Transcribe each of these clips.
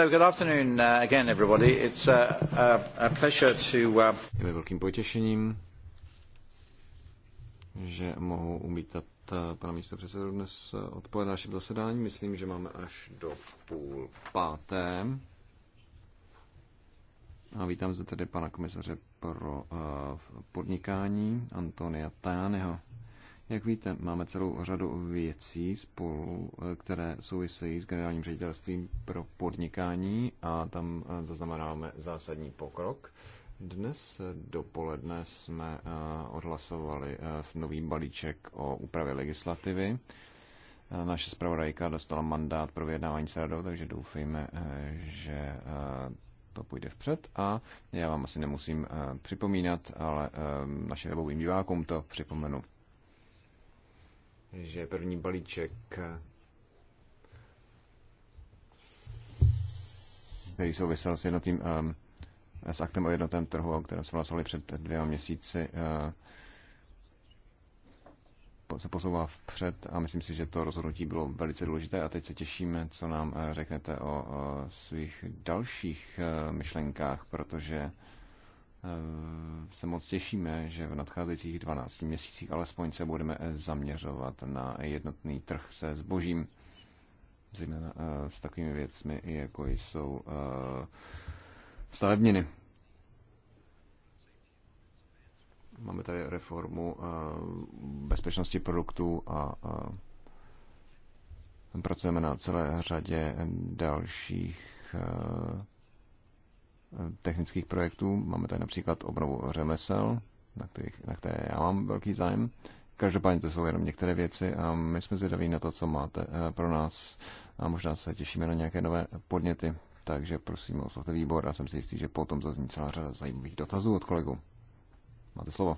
Je mi velkým potěšením, že mohu umítat uh, pana místo předsedu dnes uh, odpoledne našem zasedání. Myslím, že máme až do půl páté. A vítám zde tedy pana komisaře pro uh, podnikání Antonia Tajányho. Jak víte, máme celou řadu věcí spolu, eh, které souvisejí s generálním ředitelstvím pro podnikání a tam eh, zaznamenáváme zásadní pokrok. Dnes eh, dopoledne jsme odhlasovali v nový balíček o úpravě legislativy. Naše zpravodajka dostala mandát pro vyjednávání s radou, takže doufejme, že to půjde vpřed a já vám asi nemusím připomínat, ale našim webovým divákům to připomenu že první balíček, který souvisel s jednotým ehm, s aktem o jednotém trhu, o kterém jsme hlasovali před dvěma měsíci, eh, se posouvá vpřed a myslím si, že to rozhodnutí bylo velice důležité a teď se těšíme, co nám eh, řeknete o eh, svých dalších myšlenkách, protože Eh, se moc těšíme, že v nadcházejících 12 měsících alespoň se budeme eh, zaměřovat na jednotný trh se zbožím, zejména eh, s takovými věcmi, jako jsou stavebniny. Máme tady reformu bezpečnosti produktů a pracujeme na celé řadě dalších technických projektů. Máme tady například obnovu řemesel, na, kterých, na které já mám velký zájem. Každopádně to jsou jenom některé věci a my jsme zvědaví na to, co máte eh, pro nás a možná se těšíme na nějaké nové podněty. Takže prosím, oslovte výbor a jsem si jistý, že potom zazní celá řada zajímavých dotazů od kolegu. Máte slovo.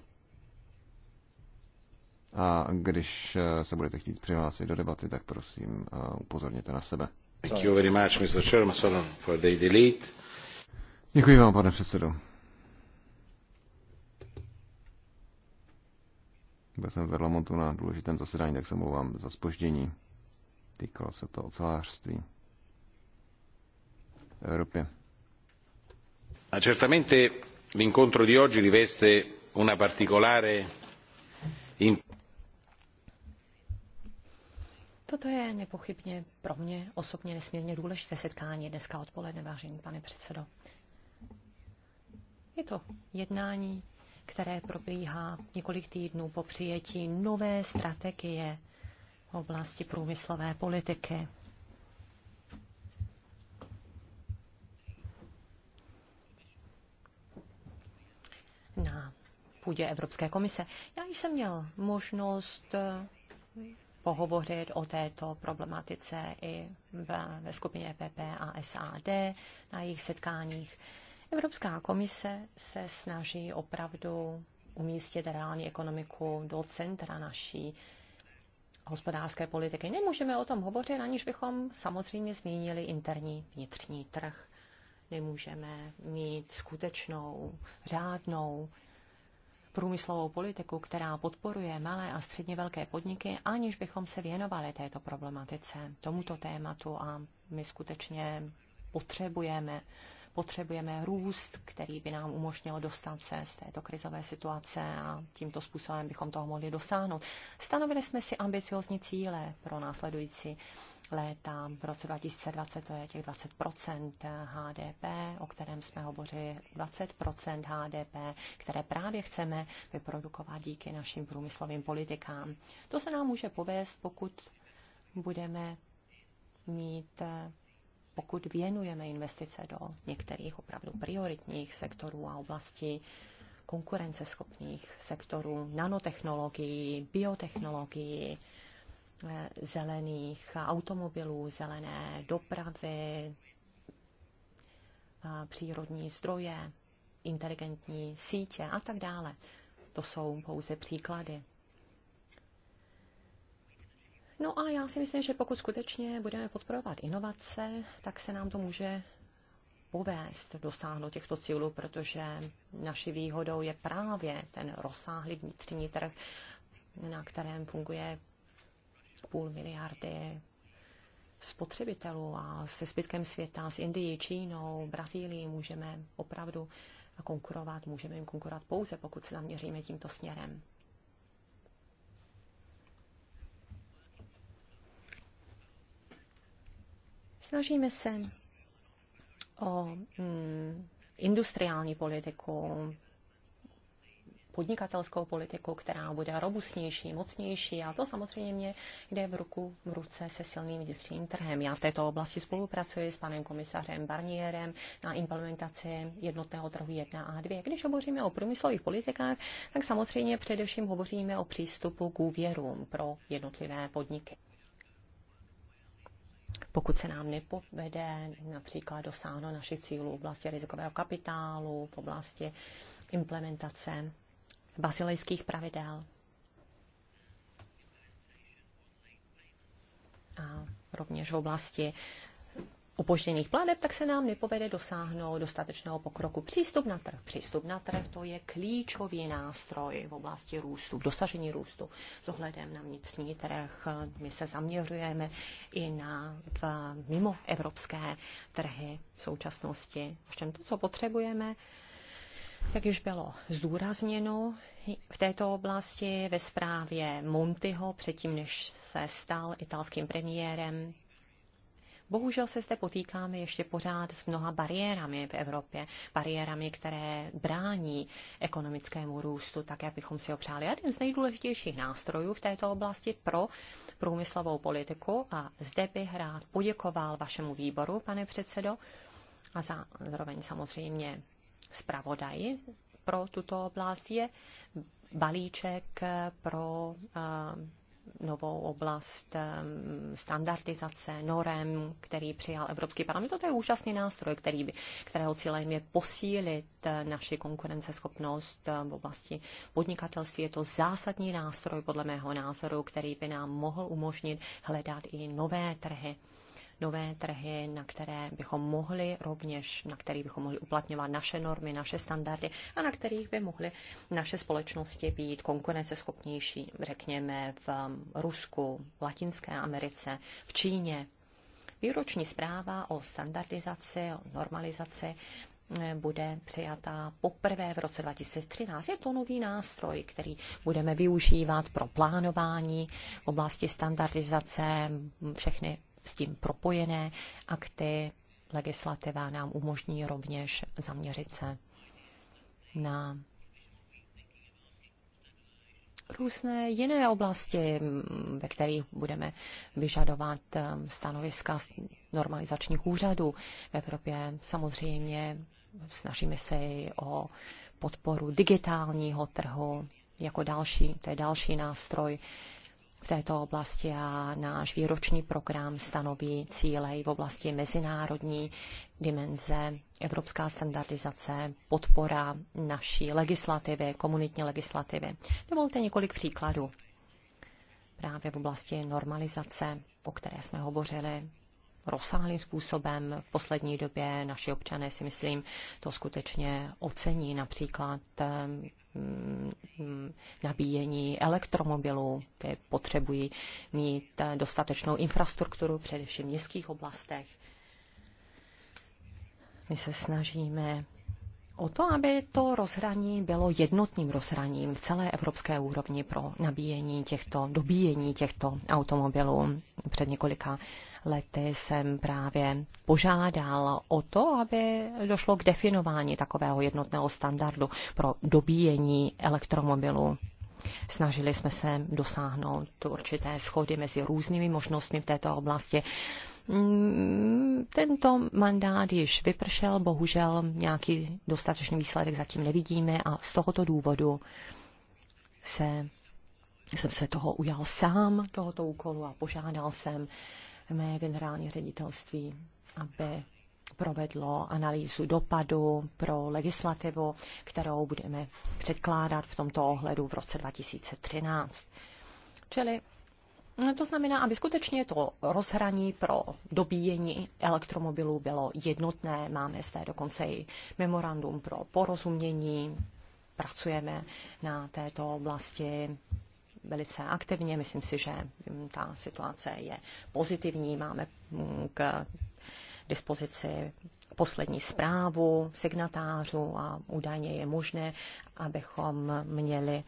A když eh, se budete chtít přihlásit do debaty, tak prosím eh, upozorněte na sebe. Thank you very much, Mr. Chairman, for the delete. Děkuji vám, pane předsedo. Byl jsem v Verlamontu na důležitém zasedání, tak se mluvám za spoždění. Týkalo se to ocelářství v Evropě. A certamente l'incontro di oggi riveste una particolare Toto je nepochybně pro mě osobně nesmírně důležité setkání dneska odpoledne, vážený pane předsedo. Je to jednání, které probíhá několik týdnů po přijetí nové strategie v oblasti průmyslové politiky. Na půdě Evropské komise. Já již jsem měl možnost eh, pohovořit o této problematice i ve skupině PP a SAD na jejich setkáních. Evropská komise se snaží opravdu umístit reální ekonomiku do centra naší hospodářské politiky. Nemůžeme o tom hovořit, aniž bychom samozřejmě zmínili interní vnitřní trh. Nemůžeme mít skutečnou, řádnou průmyslovou politiku, která podporuje malé a středně velké podniky, aniž bychom se věnovali této problematice, tomuto tématu a my skutečně potřebujeme potřebujeme růst, který by nám umožnil dostat se z této krizové situace a tímto způsobem bychom toho mohli dosáhnout. Stanovili jsme si ambiciozní cíle pro následující léta. V roce 2020 to je těch 20 HDP, o kterém jsme hovořili, 20 HDP, které právě chceme vyprodukovat díky našim průmyslovým politikám. To se nám může povést, pokud budeme mít pokud věnujeme investice do některých opravdu prioritních sektorů a oblastí, konkurenceschopných sektorů, nanotechnologií, biotechnologií, eh, zelených automobilů, zelené dopravy, eh, přírodní zdroje, inteligentní sítě a tak dále. To jsou pouze příklady. No a já si myslím, že pokud skutečně budeme podporovat inovace, tak se nám to může povést dosáhnout těchto cílů, protože naší výhodou je právě ten rozsáhlý vnitřní trh, na kterém funguje půl miliardy spotřebitelů a se zbytkem světa, s Indií, Čínou, Brazílií můžeme opravdu konkurovat, můžeme jim konkurovat pouze, pokud se zaměříme tímto směrem. Snažíme se o mm, industriální politiku, podnikatelskou politiku, která bude robustnější, mocnější a to samozřejmě jde v ruku v ruce se silným vnitřním trhem. Já v této oblasti spolupracuji s panem komisařem Barnierem na implementaci jednotného trhu 1 a 2. Když hovoříme o průmyslových politikách, tak samozřejmě především hovoříme o přístupu k úvěrům pro jednotlivé podniky pokud se nám nepovede například dosáhnout našich cílů v oblasti rizikového kapitálu, v oblasti implementace basilejských pravidel. A rovněž v oblasti opožděných plateb, tak se nám nepovede dosáhnout dostatečného pokroku. Přístup na trh. Přístup na trh to je klíčový nástroj v oblasti růstu, v dosažení růstu s ohledem na vnitřní trh. My se zaměřujeme i na mimo evropské trhy v současnosti. Všem to, co potřebujeme, jak již bylo zdůrazněno v této oblasti ve zprávě Montiho, předtím než se stal italským premiérem, Bohužel se zde potýkáme ještě pořád s mnoha bariérami v Evropě, bariérami, které brání ekonomickému růstu, tak jak bychom si ho přáli. jeden z nejdůležitějších nástrojů v této oblasti pro průmyslovou politiku a zde bych rád poděkoval vašemu výboru, pane předsedo, a zároveň samozřejmě zpravodaji pro tuto oblast je balíček pro eh, novou oblast standardizace norem, který přijal Evropský parlament. to je úžasný nástroj, který by, kterého cílem je posílit eh, naši konkurenceschopnost eh, v oblasti podnikatelství. Je to zásadní nástroj, podle mého názoru, který by nám mohl umožnit hledat i nové trhy nové trhy, na které bychom mohli rovněž, na kterých bychom mohli uplatňovat naše normy, naše standardy a na kterých by mohly naše společnosti být konkurenceschopnější, řekněme v um, Rusku, v Latinské Americe, v Číně. Výroční zpráva o standardizaci, o normalizaci eh, bude přijatá poprvé v roce 2013. Je to nový nástroj, který budeme využívat pro plánování v oblasti standardizace. Všechny s tím propojené akty. Legislativa nám umožní rovněž zaměřit se na různé jiné oblasti, ve kterých budeme vyžadovat um, stanoviska normalizačních úřadů v Evropě. Samozřejmě snažíme se i o podporu digitálního trhu jako další, to je další nástroj, v této oblasti a náš výroční program stanoví cíle i v oblasti mezinárodní dimenze, evropská standardizace, podpora naší legislativy, komunitní legislativy. Dovolte několik příkladů právě v oblasti normalizace, o které jsme hovořili, rozsáhlým způsobem v poslední době. Naši občané si myslím to skutečně ocení. Například Mm, nabíjení elektromobilů. Ty potřebují mít eh, dostatečnou infrastrukturu, především v městských oblastech. My se snažíme o to, aby to rozhraní bylo jednotným rozhraním v celé evropské úrovni pro nabíjení těchto, dobíjení těchto automobilů. Před několika lety jsem právě požádal o to, aby došlo k definování takového jednotného standardu pro dobíjení elektromobilů. Snažili jsme se dosáhnout určité schody mezi různými možnostmi v této oblasti. Mm, tento mandát již vypršel, bohužel nějaký dostatečný výsledek zatím nevidíme a z tohoto důvodu se, jsem se toho ujal sám, tohoto úkolu a požádal jsem mé generální ředitelství, aby provedlo analýzu dopadu pro legislativu, kterou budeme předkládat v tomto ohledu v roce 2013. Čili eh, to znamená, aby skutečně to rozhraní pro dobíjení elektromobilů bylo jednotné. Máme zde dokonce i memorandum pro porozumění, pracujeme na této oblasti velice aktivně. Myslím si, že mm, ta situace je pozitivní. Máme mm, k dispozici poslední zprávu signatářů a údajně je možné, abychom měli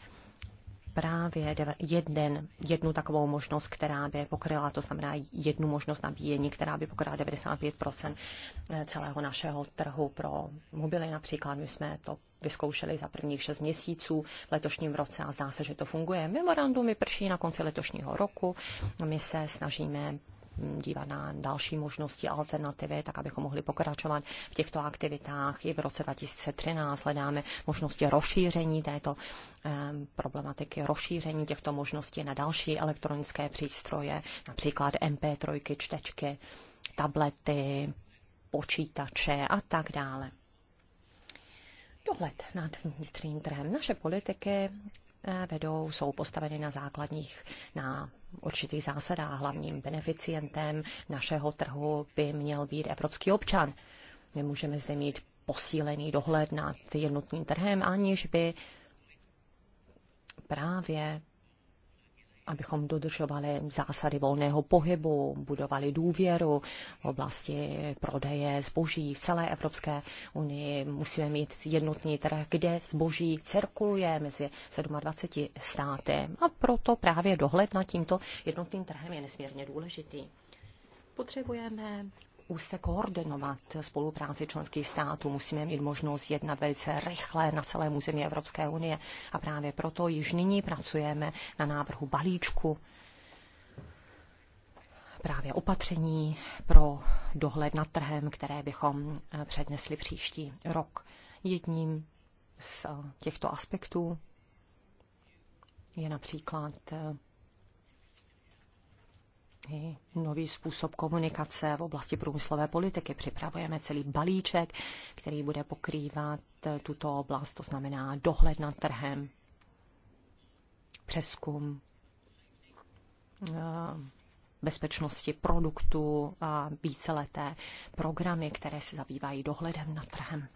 právě jeden, jednu takovou možnost, která by pokryla, to znamená jednu možnost nabíjení, která by pokryla 95 eh, celého našeho trhu pro mobily například. My jsme to vyzkoušeli za prvních šest měsíců v letošním roce a zdá se, že to funguje. Memorandum vyprší na konci letošního roku. My se snažíme dívat na další možnosti, alternativy, tak abychom mohli pokračovat v těchto aktivitách. I v roce 2013 hledáme možnosti rozšíření této eh, problematiky, rozšíření těchto možností na další elektronické přístroje, například MP3, čtečky, tablety, počítače a tak dále dohled nad vnitřním trhem. Naše politiky Eh, vedou, jsou postaveny na základních, na určitých zásadách. Hlavním beneficientem našeho trhu by měl být evropský občan. Nemůžeme zde mít posílený dohled nad jednotným trhem, aniž by právě abychom dodržovali zásady volného pohybu, budovali důvěru v oblasti prodeje zboží v celé Evropské unii. Musíme mít jednotný trh, kde zboží cirkuluje mezi 27 státy a proto právě dohled nad tímto jednotným trhem je nesmírně důležitý. Potřebujeme se koordinovat spolupráci členských států. Musíme mít možnost jednat velice rychle na celém území Evropské unie a právě proto již nyní pracujeme na návrhu balíčku právě opatření pro dohled nad trhem, které bychom eh, přednesli příští rok. Jedním z eh, těchto aspektů je například eh, i nový způsob komunikace v oblasti průmyslové politiky. Připravujeme celý balíček, který bude pokrývat eh, tuto oblast, to znamená dohled nad trhem, přeskum eh, bezpečnosti produktů a víceleté programy, které se zabývají dohledem nad trhem.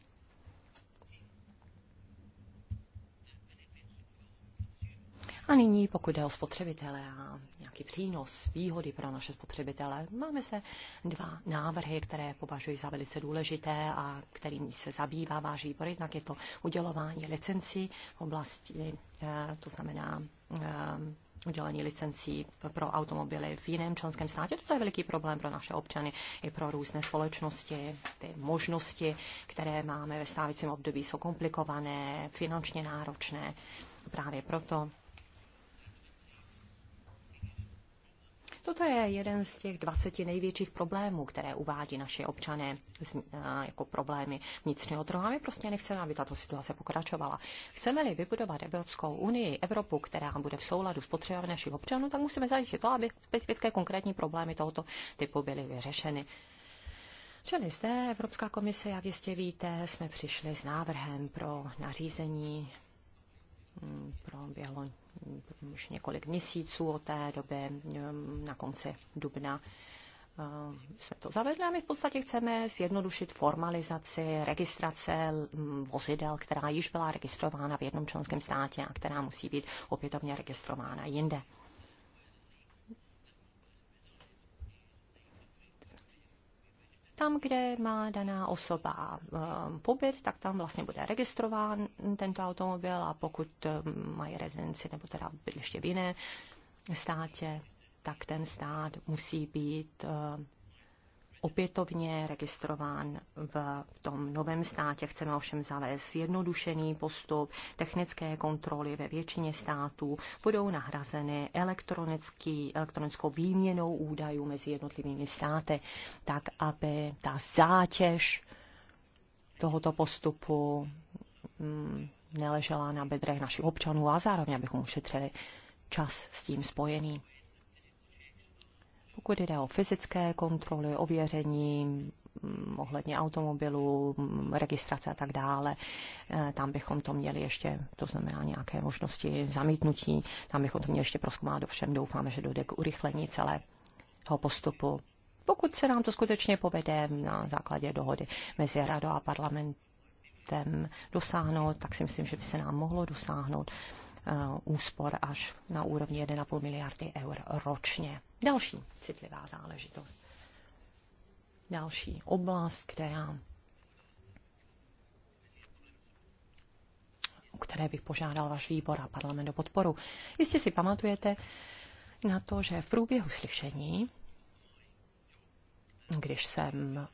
A nyní, pokud jde o spotřebitele a nějaký přínos, výhody pro naše spotřebitele, máme se dva návrhy, které považuji za velice důležité a kterými se zabývá váš výbor. Jednak je to udělování licencí v oblasti, eh, to znamená eh, udělení licencí pro automobily v jiném členském státě. To je veliký problém pro naše občany i pro různé společnosti. Ty možnosti, které máme ve stávajícím období, jsou komplikované, finančně náročné. Právě proto Toto je jeden z těch 20 největších problémů, které uvádí naše občané eh, jako problémy vnitřního trhu. A my prostě nechceme, aby tato situace pokračovala. Chceme-li vybudovat Evropskou unii, Evropu, která bude v souladu s potřebami našich občanů, tak musíme zajistit to, aby specifické konkrétní problémy tohoto typu byly vyřešeny. Čili zde Evropská komise, jak jistě víte, jsme přišli s návrhem pro nařízení proběhlo už několik měsíců od té doby, um, na konci dubna um, jsme to zavedli a my v podstatě chceme zjednodušit formalizaci registrace um, vozidel, která již byla registrována v jednom členském státě a která musí být opětovně registrována jinde. Tam, kde má daná osoba eh, pobyt, tak tam vlastně bude registrován tento automobil a pokud eh, mají rezidenci nebo teda bydliště v jiné státě, tak ten stát musí být eh, opětovně registrován v tom novém státě. Chceme ovšem zavést jednodušený postup. Technické kontroly ve většině států budou nahrazeny elektronický, elektronickou výměnou údajů mezi jednotlivými státy, tak aby ta zátěž tohoto postupu mm, neležela na bedrech našich občanů a zároveň abychom ušetřili čas s tím spojený. Pokud jde o fyzické kontroly, ověření, mm, ohledně automobilů, mm, registrace a tak dále. Eh, tam bychom to měli ještě, to znamená nějaké možnosti zamítnutí, tam bychom to měli ještě proskoumat, ovšem doufáme, že dojde k urychlení celého postupu. Pokud se nám to skutečně povede na základě dohody mezi radou a parlamentem dosáhnout, tak si myslím, že by se nám mohlo dosáhnout Eh, úspor až na úrovni 1,5 miliardy eur ročně. Další citlivá záležitost. Další oblast, která u které bych požádal váš výbor a parlament o podporu. Jistě si pamatujete na to, že v průběhu slyšení, když jsem eh,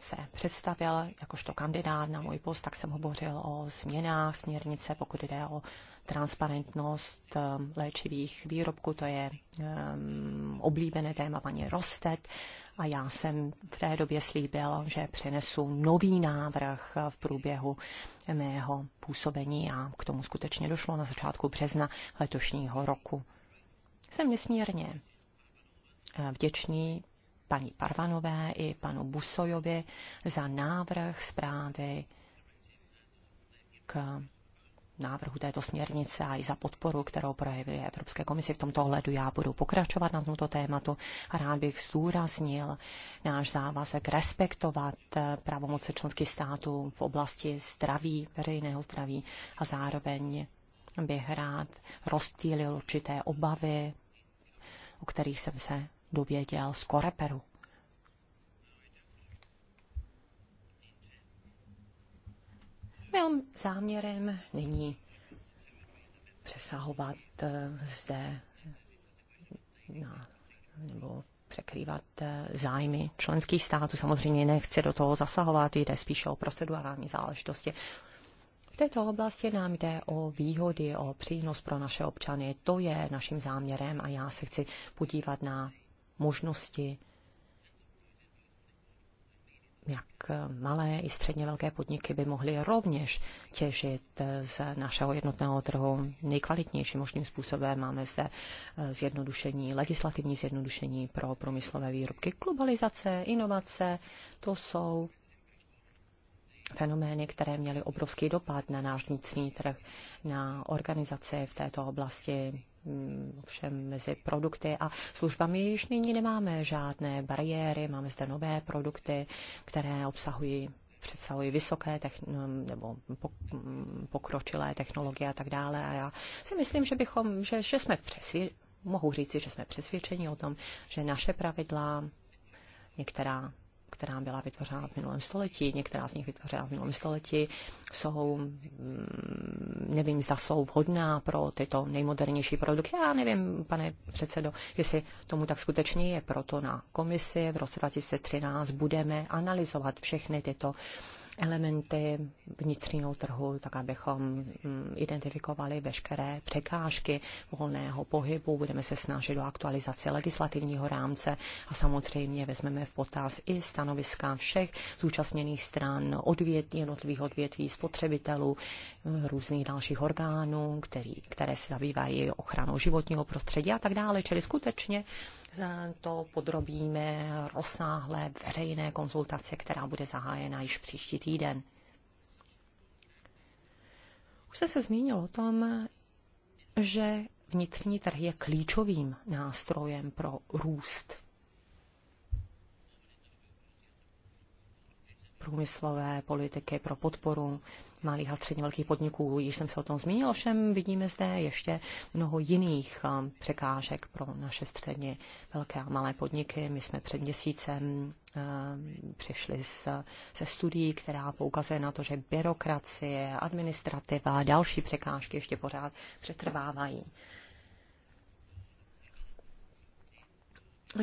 se představil jakožto kandidát na můj post, tak jsem hovořil o změnách směrnice, pokud jde o transparentnost ehm, léčivých výrobků, to je ehm, oblíbené téma paní Rostet a já jsem v té době slíbil, že přinesu nový návrh v průběhu mého působení a k tomu skutečně došlo na začátku března letošního roku. Jsem nesmírně eh, vděčný paní Parvanové i panu Busojovi za návrh zprávy k návrhu této směrnice a i za podporu, kterou projevuje Evropské komisi. V tomto ohledu já budu pokračovat na tomto tématu a rád bych zdůraznil náš závazek respektovat pravomoce členských států v oblasti zdraví, veřejného zdraví a zároveň bych rád rozptýlil určité obavy, o kterých jsem se dověděl z Koreperu. Mým záměrem není přesahovat eh, zde na, nebo překrývat eh, zájmy členských států. Samozřejmě nechce do toho zasahovat, jde spíše o procedurální záležitosti. V této oblasti nám jde o výhody, o přínos pro naše občany. To je naším záměrem a já se chci podívat na možnosti, jak malé i středně velké podniky by mohly rovněž těžit z našeho jednotného trhu nejkvalitnějším možným způsobem. Máme zde eh, zjednodušení, legislativní zjednodušení pro průmyslové výrobky, globalizace, inovace, to jsou fenomény, které měly obrovský dopad na náš vnitřní trh, na organizaci v této oblasti, Mm, všem mezi produkty a službami již nyní nemáme žádné bariéry, máme zde nové produkty, které obsahují představují vysoké techn- mm, nebo mm, pokročilé technologie a tak dále. A já si myslím, že bychom, že, že jsme přesvě, mohu říci, že jsme přesvědčeni o tom, že naše pravidla, některá která byla vytvořena v minulém století, některá z nich vytvořena v minulém století, jsou, mm, nevím, zda jsou vhodná pro tyto nejmodernější produkty. Já nevím, pane předsedo, jestli tomu tak skutečně je. Proto na komisi v roce 2013 budeme analyzovat všechny tyto uh, elementy vnitřního trhu, tak abychom mm, identifikovali veškeré překážky volného pohybu. Budeme se snažit o aktualizaci legislativního rámce a samozřejmě vezmeme v potaz i stanoviska všech zúčastněných stran, odvět, jednotlivých odvětví, spotřebitelů, různých dalších orgánů, který, které se zabývají ochranou životního prostředí a tak dále. Čili skutečně to podrobíme rozsáhlé veřejné konzultace, která bude zahájena již příští týden. Už jste se zmínil o tom, že vnitřní trh je klíčovým nástrojem pro růst průmyslové politiky, pro podporu malých a středně velkých podniků. Již jsem se o tom zmínil, ovšem vidíme zde ještě mnoho jiných překážek pro naše středně velké a malé podniky. My jsme před měsícem přišli s, se studií, která poukazuje na to, že byrokracie, administrativa a další překážky ještě pořád přetrvávají.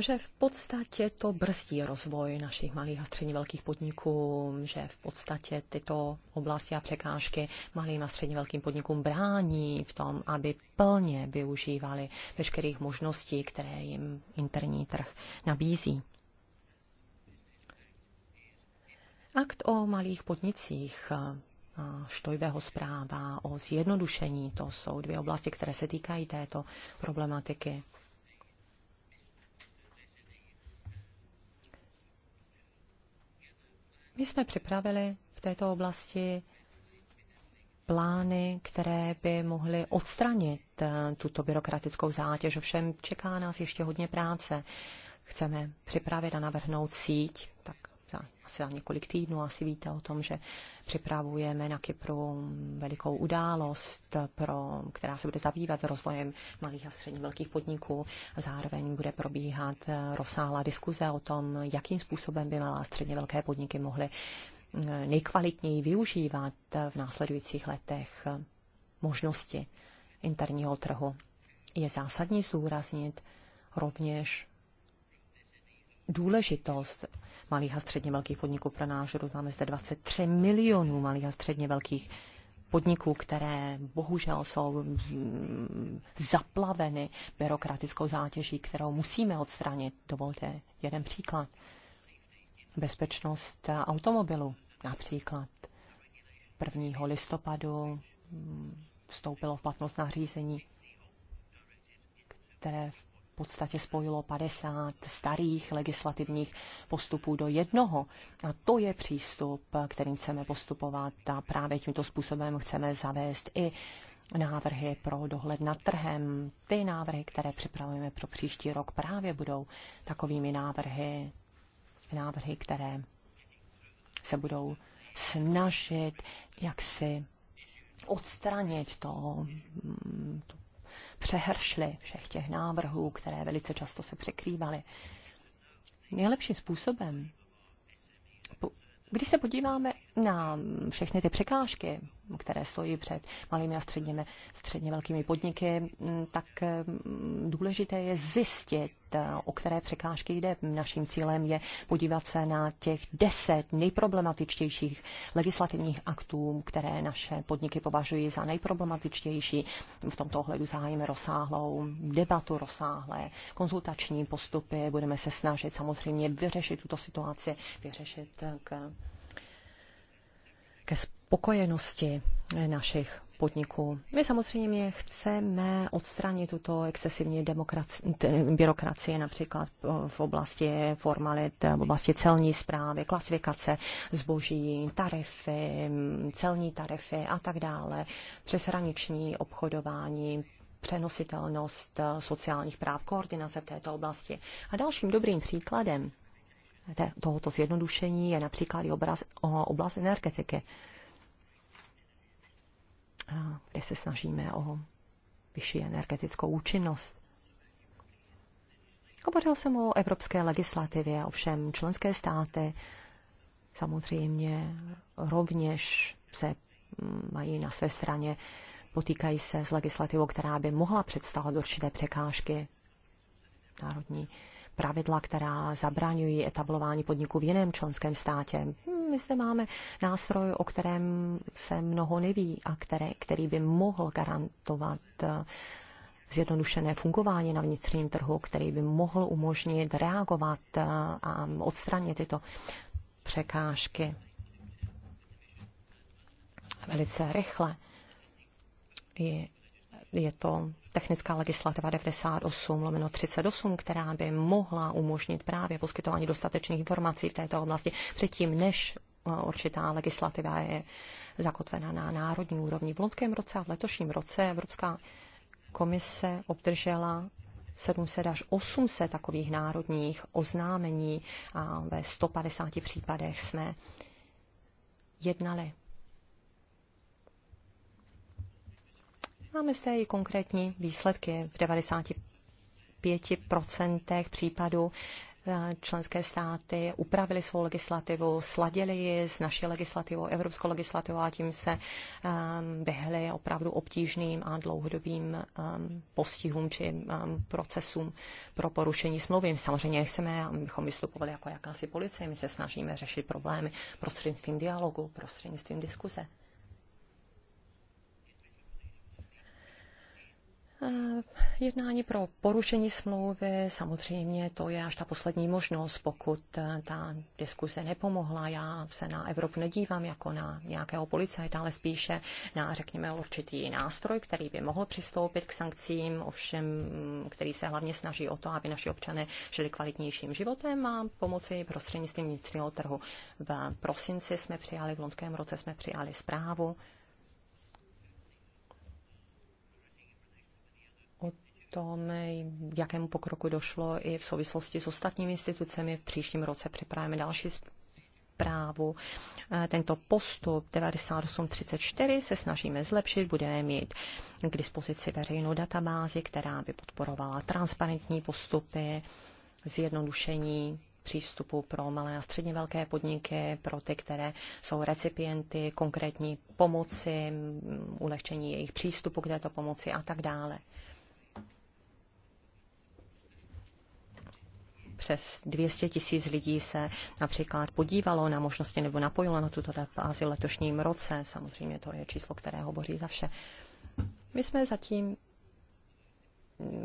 že v podstatě to brzdí rozvoj našich malých a středně velkých podniků, že v podstatě tyto oblasti a překážky malým a středně velkým podnikům brání v tom, aby plně využívali veškerých možností, které jim interní trh nabízí. Akt o malých podnicích Štojbeho zpráva o zjednodušení. To jsou dvě oblasti, které se týkají této problematiky. My jsme připravili v této oblasti plány, které by mohly odstranit eh, tuto byrokratickou zátěž. Ovšem čeká nás ještě hodně práce. Chceme připravit a navrhnout síť za, asi za několik týdnů asi víte o tom, že připravujeme na Kypru velikou událost, pro, která se bude zabývat rozvojem malých a středně velkých podniků. Zároveň bude probíhat rozsáhlá diskuze o tom, jakým způsobem by malá a středně velké podniky mohly eh, nejkvalitněji využívat v následujících letech možnosti interního trhu. Je zásadní zdůraznit rovněž důležitost malých a středně velkých podniků pro náš růst. Máme zde 23 milionů malých a středně velkých podniků, které bohužel jsou zaplaveny byrokratickou zátěží, kterou musíme odstranit. Dovolte jeden příklad. Bezpečnost automobilu například 1. listopadu vstoupilo v platnost nařízení, které podstatě spojilo 50 starých legislativních postupů do jednoho. A to je přístup, kterým chceme postupovat a právě tímto způsobem chceme zavést i návrhy pro dohled nad trhem. Ty návrhy, které připravujeme pro příští rok, právě budou takovými návrhy, návrhy, které se budou snažit jaksi odstranit to, to přehršli všech těch návrhů, které velice často se překrývaly. Nejlepším způsobem, když se podíváme na všechny ty překážky, které stojí před malými a středními, středně velkými podniky, mm, tak mm, důležité je zjistit, eh, o které překážky jde. Naším cílem je podívat se na těch deset nejproblematičtějších legislativních aktů, které naše podniky považují za nejproblematičtější. V tomto ohledu zájme rozsáhlou debatu, rozsáhlé konzultační postupy. Budeme se snažit samozřejmě vyřešit tuto situaci, vyřešit eh, k ke spokojenosti našich podniků. My samozřejmě chceme odstranit tuto excesivní byrokracii například eh, v oblasti formalit, eh, v oblasti celní zprávy, klasifikace zboží, tarify, mm, celní tarify a tak dále, přeshraniční obchodování, přenositelnost eh, sociálních práv, koordinace v této oblasti. A dalším dobrým příkladem tohoto zjednodušení je například i obraz, oblast energetiky, kde se snažíme o vyšší energetickou účinnost. Hovořil jsem o evropské legislativě, ovšem členské státy samozřejmě rovněž se mm, mají na své straně, potýkají se s legislativou, která by mohla představovat určité překážky národní pravidla, která zabraňují etablování podniků v jiném členském státě. Hm, my zde máme nástroj, o kterém se mnoho neví a které, který by mohl garantovat eh, zjednodušené fungování na vnitřním trhu, který by mohl umožnit reagovat eh, a odstranit tyto překážky velice rychle. Je, je to technická legislativa 98 lomeno 38, která by mohla umožnit právě poskytování dostatečných informací v této oblasti předtím, než eh, určitá legislativa je zakotvena na národní úrovni. V loňském roce a v letošním roce Evropská komise obdržela 700 až 800 takových národních oznámení a ve 150 případech jsme jednali Máme zde i konkrétní výsledky v 95% případů eh, členské státy upravili svou legislativu, sladili ji s naší legislativou, evropskou legislativou a tím se um, ehm, vyhli opravdu obtížným a dlouhodobým um, postihům či um, procesům pro porušení smlouvy. Samozřejmě nechceme, abychom vystupovali jako jakási policie, my se snažíme řešit problémy prostřednictvím dialogu, prostřednictvím diskuze. Eh, jednání pro porušení smlouvy, samozřejmě to je až ta poslední možnost, pokud eh, ta diskuse nepomohla. Já se na Evropu nedívám jako na nějakého policajta, ale spíše na, řekněme, určitý nástroj, který by mohl přistoupit k sankcím, ovšem, mm, který se hlavně snaží o to, aby naši občané žili kvalitnějším životem a pomoci prostřednictvím vnitřního trhu. V prosinci jsme přijali, v loňském roce jsme přijali zprávu tom, jakému pokroku došlo i v souvislosti s ostatními institucemi. V příštím roce připravíme další zprávu eh, Tento postup 9834 se snažíme zlepšit, budeme mít k dispozici veřejnou databázi, která by podporovala transparentní postupy, zjednodušení přístupu pro malé a středně velké podniky, pro ty, které jsou recipienty konkrétní pomoci, ulehčení jejich přístupu k této pomoci a tak dále. Přes 200 tisíc lidí se například podívalo na možnosti nebo napojilo na tuto databázi letošním roce. Samozřejmě to je číslo, které hovoří za vše. My jsme zatím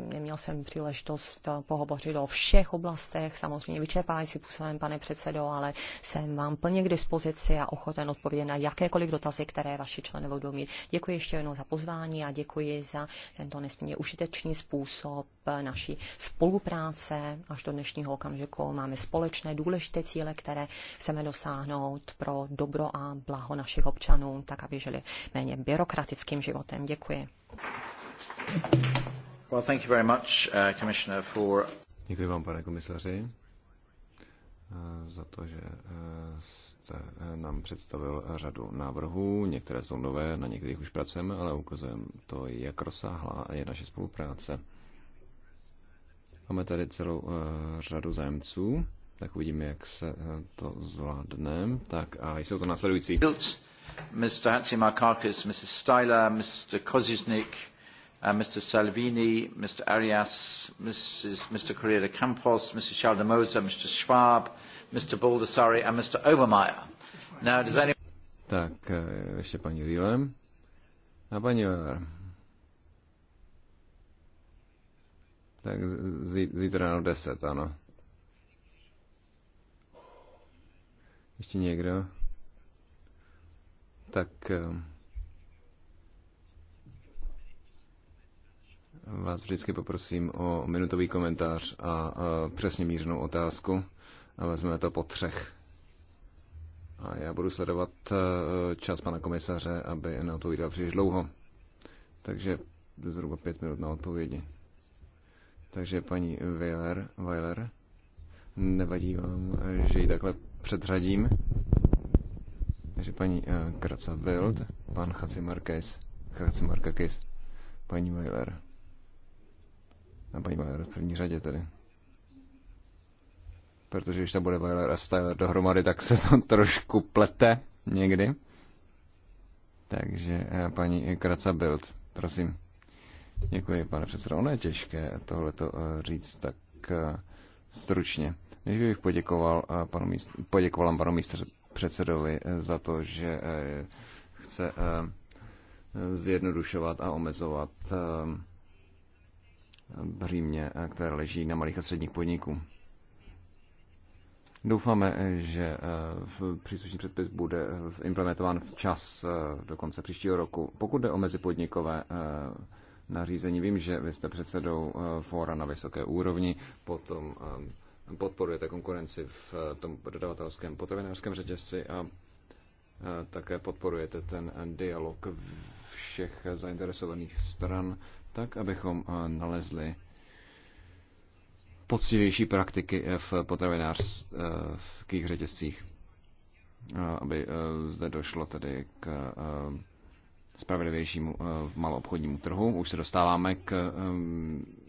Neměl jsem příležitost eh, pohovořit o všech oblastech, samozřejmě vyčerpávající působem, pane předsedo, ale jsem vám plně k dispozici a ochoten odpovědět na jakékoliv dotazy, které vaši členové budou mít. Děkuji ještě jednou za pozvání a děkuji za tento nesmírně užitečný způsob eh, naší spolupráce až do dnešního okamžiku. Máme společné důležité cíle, které chceme dosáhnout pro dobro a blaho našich občanů, tak aby žili méně byrokratickým životem. Děkuji. Well, thank you very much, uh, Commissioner, for... Děkuji vám, pane komisaři, uh, za to, že uh, jste uh, nám představil řadu návrhů. Některé jsou nové, na některých už pracujeme, ale ukazujeme to, jak rozsáhlá je naše spolupráce. Máme tady celou řadu zájemců, tak uvidíme, jak se to zvládne. Tak a jsou to následující. Mr. Hatzimarkakis, Mrs. Styler, Mr. Kozisnik, uh, Mr. Salvini, Mr. Arias, Mrs., Mr. Correa de Campos, Mrs. Schaldemose, Mr. Schwab, Mr. Baldessari a Mr. Obermeyer. Now, does any... Tak, eh, ještě paní Rýle. A paní Weber. Tak zítra na 10, ano. Ještě někdo? Tak... Um... vás vždycky poprosím o minutový komentář a přesně mířenou otázku a vezmeme to po třech. A já budu sledovat e, čas pana komisaře, aby neodpovídal příliš dlouho. Takže zhruba pět minut na odpovědi. Takže paní Weiler, Weiler nevadí vám, že ji takhle předřadím. Takže paní e, Kraca Wild, pan Chaci Marquez, Chaci Marquez, paní Weiler. Na paní v první řadě tedy. Protože když tam bude Weiler a Styler dohromady, tak se to trošku plete někdy. Takže eh, paní Kraca Bild, prosím. Děkuji, pane předsedo. Ono je těžké tohleto eh, říct tak eh, stručně. Než bych poděkoval panu míst, poděkoval panu místr předsedovi za to, že chce zjednodušovat a omezovat břímě, eh, které leží na malých a středních podniků. Doufáme, eh, že eh, příslušný předpis bude implementován včas do konce příštího roku. Pokud jde o mezipodnikové nařízení, vím, že vy jste předsedou fóra na vysoké úrovni, potom podporujete konkurenci v tom dodavatelském potravinářském řetězci a také podporujete ten dialog všech zainteresovaných stran tak abychom eh, nalezli poctivější praktiky eh, v potravinářských eh, řetězcích, aby zde došlo tedy k spravedlivějšímu v obchodnímu trhu. Už se dostáváme k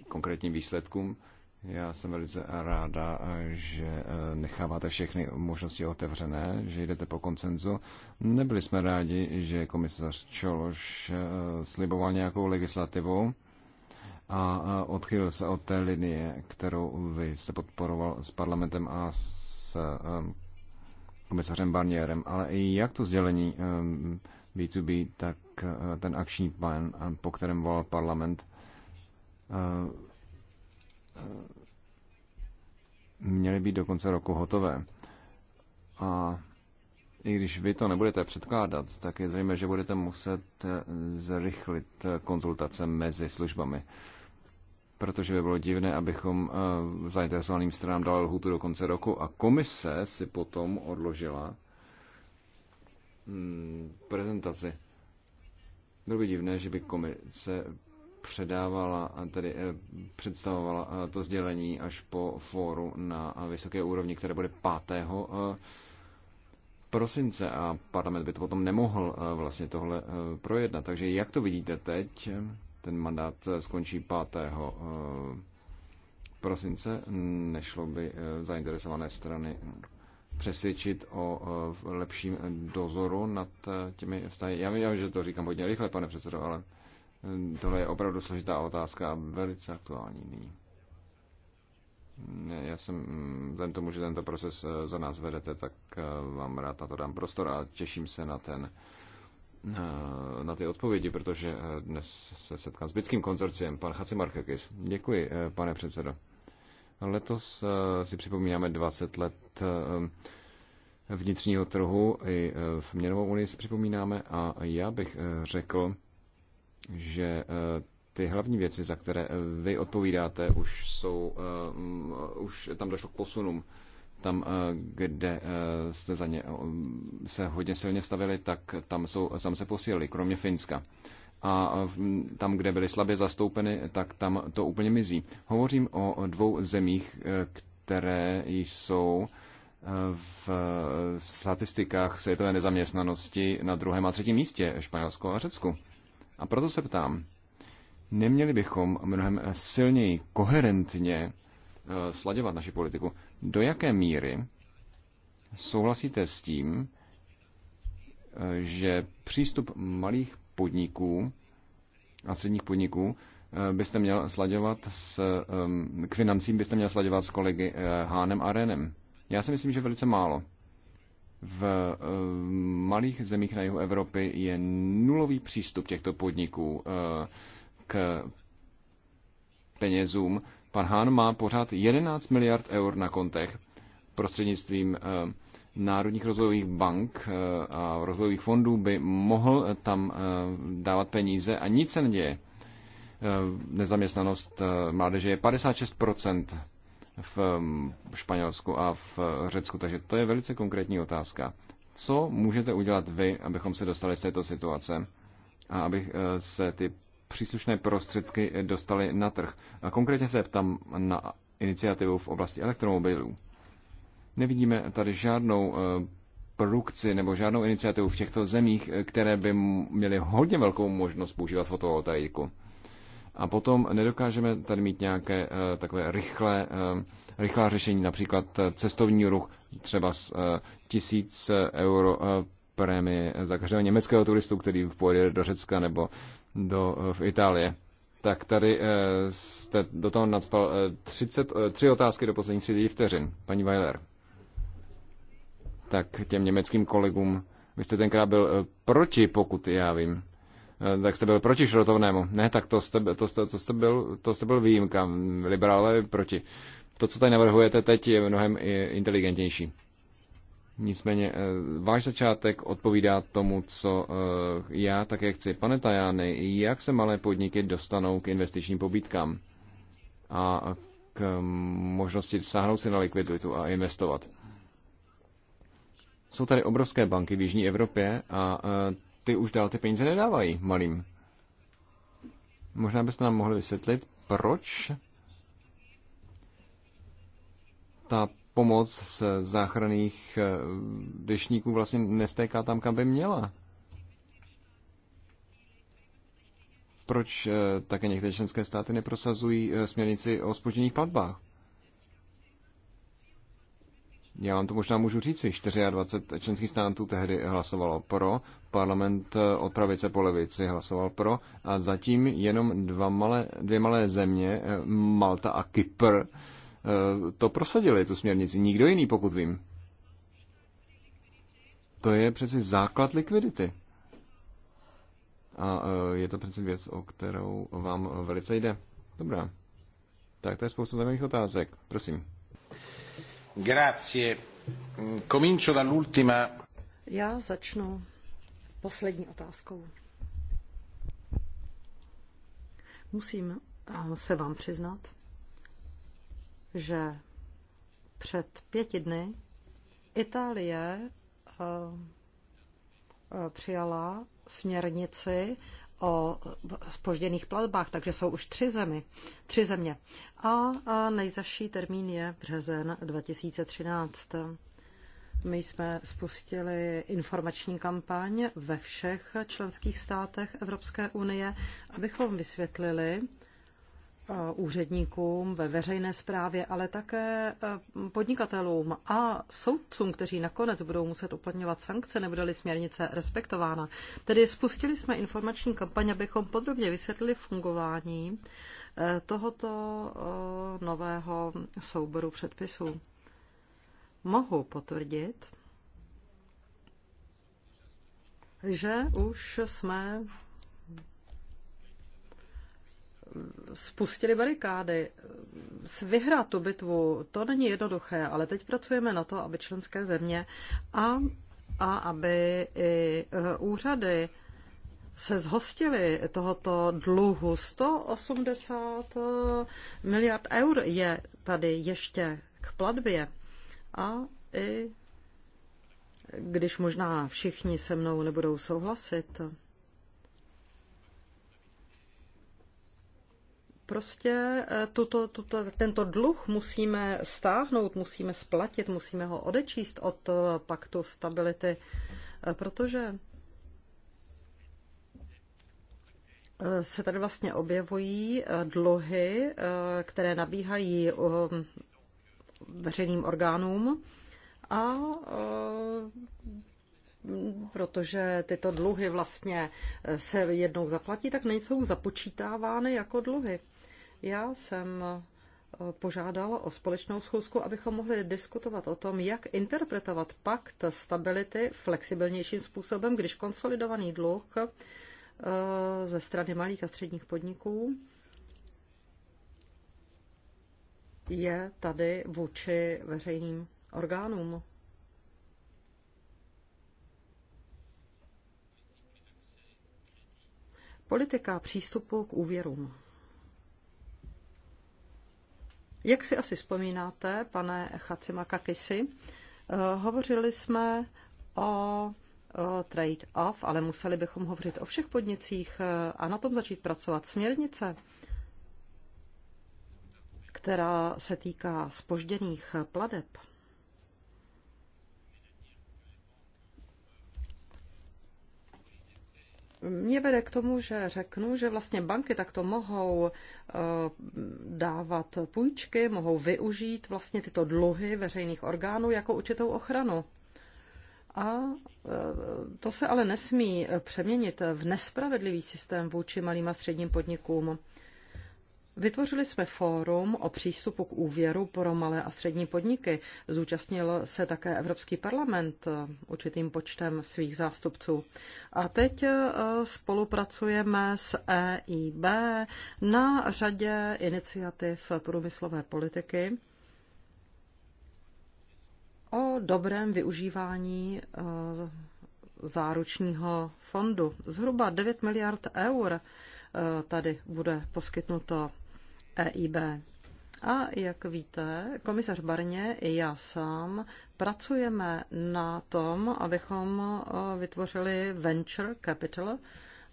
konkrétním výsledkům. Já jsem velice ráda, že eh, necháváte všechny možnosti otevřené, že jdete po koncenzu. Nebyli jsme rádi, že komisař Čološ eh, sliboval nějakou legislativu a eh, odchýlil se od té linie, kterou vy jste podporoval s parlamentem a s komisařem Barnierem. Ale i jak to sdělení B2B, tak ten akční plán, po kterém volal parlament, měly být do konce roku hotové. A i když vy to nebudete předkládat, tak je zřejmé, že budete muset zrychlit konzultace mezi službami. Protože by bylo divné, abychom eh, zainteresovaným stranám dali lhutu do konce roku a komise si potom odložila mm, prezentaci. Bylo by divné, že by komise předávala, tedy eh, představovala eh, to sdělení až po fóru na vysoké úrovni, které bude 5. Eh, prosince a parlament by to potom nemohl vlastně tohle projednat. Takže jak to vidíte teď, ten mandát skončí 5. prosince, nešlo by zainteresované strany přesvědčit o lepším dozoru nad těmi vztahy. Já vím, že to říkám hodně rychle, pane předsedo, ale Ehm, tohle je opravdu složitá otázka a velice aktuální nyní. Já jsem, mm, vzhledem tomu, že tento proces eh, za nás vedete, tak eh, vám rád na to dám prostor a těším se na ten eh, na ty odpovědi, protože dnes se setkám s britským konzorciem, pan Chacimarkakis. Děkuji, pane předsedo. Letos si připomínáme 20 let vnitřního trhu i v měnovou unii si připomínáme a já bych řekl, že eh, ty hlavní věci, za které eh, vy odpovídáte, už jsou, eh, už tam došlo k posunům. Tam, kde jste za ně se hodně silně stavili, tak tam, jsou, tam se posílili, kromě Finska. A tam, kde byly slabě zastoupeny, tak tam to úplně mizí. Hovořím o dvou zemích, které jsou v statistikách světové nezaměstnanosti na druhém a třetím místě, Španělsko a Řecku. A proto se ptám, neměli bychom mnohem silněji, koherentně eh, sladěvat naši politiku. Do jaké míry souhlasíte s tím, eh, že přístup malých podniků a středních podniků eh, byste měl sladěvat s, k financím byste měl sladěvat s kolegy Hánem a Renem? Já si myslím, že velice málo. Eh, v malých zemích na jihu Evropy je nulový přístup těchto podniků eh, k penězům. Pan Hán má pořád 11 miliard eur na kontech prostřednictvím eh, národních rozvojových bank a rozvojových fondů by mohl tam dávat peníze a nic se neděje. Nezaměstnanost mládeže je 56 Mm, v Španělsku a v Řecku. Takže to je velice konkrétní otázka. Co můžete udělat vy, abychom se dostali z této situace a aby eh, se ty příslušné prostředky dostaly na trh? A konkrétně se ptám na iniciativu v oblasti elektromobilů. Nevidíme tady žádnou eh, produkci nebo žádnou iniciativu v těchto zemích, eh, které by měly hodně velkou možnost používat fotovoltaiku. A potom nedokážeme tady mít nějaké eh, takové rychlé, eh, rychlá řešení, například eh, cestovní ruch, třeba z tisíc euro prémie za každého německého turistu, který pojede do Řecka nebo do v Itálie. Tak tady jste do toho nadspal 30, tři otázky do posledních 30 vteřin, paní Weiler. Tak těm německým kolegům, vy jste tenkrát byl proti, pokud já vím. Eh, tak jste byl proti šrotovnému. Ne, tak to jste, to jste, to jste, byl, to jste byl výjimka. Liberále proti. To, co tady navrhujete teď, je mnohem inteligentnější. Nicméně eh, váš začátek odpovídá tomu, co eh, já také chci. Pane Tajány, jak se malé podniky dostanou k investičním pobítkám a k možnosti sáhnout si na likviditu a investovat? Jsou tady obrovské banky v Jižní Evropě a ty už dál ty peníze nedávají malým. Možná byste nám mohli vysvětlit, proč ta pomoc z záchranných eh, dešníků vlastně nestéká tam, kam by měla. Proč eh, také některé členské státy neprosazují eh, směrnici o spožděných platbách? Já vám to možná můžu říct, 24 členských států tehdy hlasovalo pro, parlament od pravice po levici hlasoval pro a zatím jenom dva malé, dvě malé země, eh, Malta a Kypr, eh, to prosadili, tu směrnici. Nikdo jiný, pokud vím. To je přeci základ likvidity. A eh, je to přeci věc, o kterou vám velice jde. Dobrá. Tak to je spousta zajímavých otázek. Prosím. Já začnu poslední otázkou. Musím se vám přiznat, že před pěti dny Itálie eh, eh, přijala směrnici o spožděných platbách, takže jsou už tři, zemi, tři země. A, nejzaší termín je březen 2013. My jsme spustili informační kampaň ve všech členských státech Evropské unie, abychom vysvětlili, Eh, úředníkům ve veřejné správě, ale také eh, podnikatelům a soudcům, kteří nakonec budou muset uplatňovat sankce, nebude-li směrnice respektována. Tedy spustili jsme informační kampaň, abychom podrobně vysvětlili fungování eh, tohoto nového souboru předpisů. Mohu potvrdit, že už jsme spustili barikády. Vyhrát tu bitvu, to není jednoduché, ale teď pracujeme na to, aby členské země a, a aby i eh, úřady se zhostili tohoto dluhu. 180 eh, miliard eur je tady ještě k platbě. A i když možná všichni se mnou nebudou souhlasit, prostě eh, tuto, tuto, tento dluh musíme stáhnout, musíme splatit, musíme ho odečíst od eh, paktu stability, eh, protože se tady vlastně objevují dluhy, které nabíhají veřejným orgánům a protože tyto dluhy vlastně se jednou zaplatí, tak nejsou započítávány jako dluhy. Já jsem eh, požádal o společnou schůzku, abychom mohli diskutovat o tom, jak interpretovat pakt stability flexibilnějším způsobem, když konsolidovaný dluh eh, ze strany malých a středních podniků je tady vůči veřejným orgánům. Politika přístupu k úvěrům. Jak si asi vzpomínáte, pane Kakisi, eh, hovořili jsme o trade-off, ale museli bychom hovořit o všech podnicích eh, a na tom začít pracovat. Směrnice, která se týká spožděných pladeb, mě vede k tomu, že řeknu, že vlastně banky takto mohou eh, dávat půjčky, mohou využít vlastně tyto dluhy veřejných orgánů jako určitou ochranu. A eh, to se ale nesmí přeměnit v nespravedlivý systém vůči malým a středním podnikům. Vytvořili jsme fórum o přístupu k úvěru pro malé a střední podniky. Zúčastnil se také Evropský parlament eh, určitým počtem svých zástupců. A teď eh, spolupracujeme s EIB na řadě iniciativ průmyslové politiky o dobrém využívání eh, záručního fondu. Zhruba 9 miliard eur tady bude poskytnuto EIB. A jak víte, komisař Barně i já sám pracujeme na tom, abychom e, vytvořili venture capital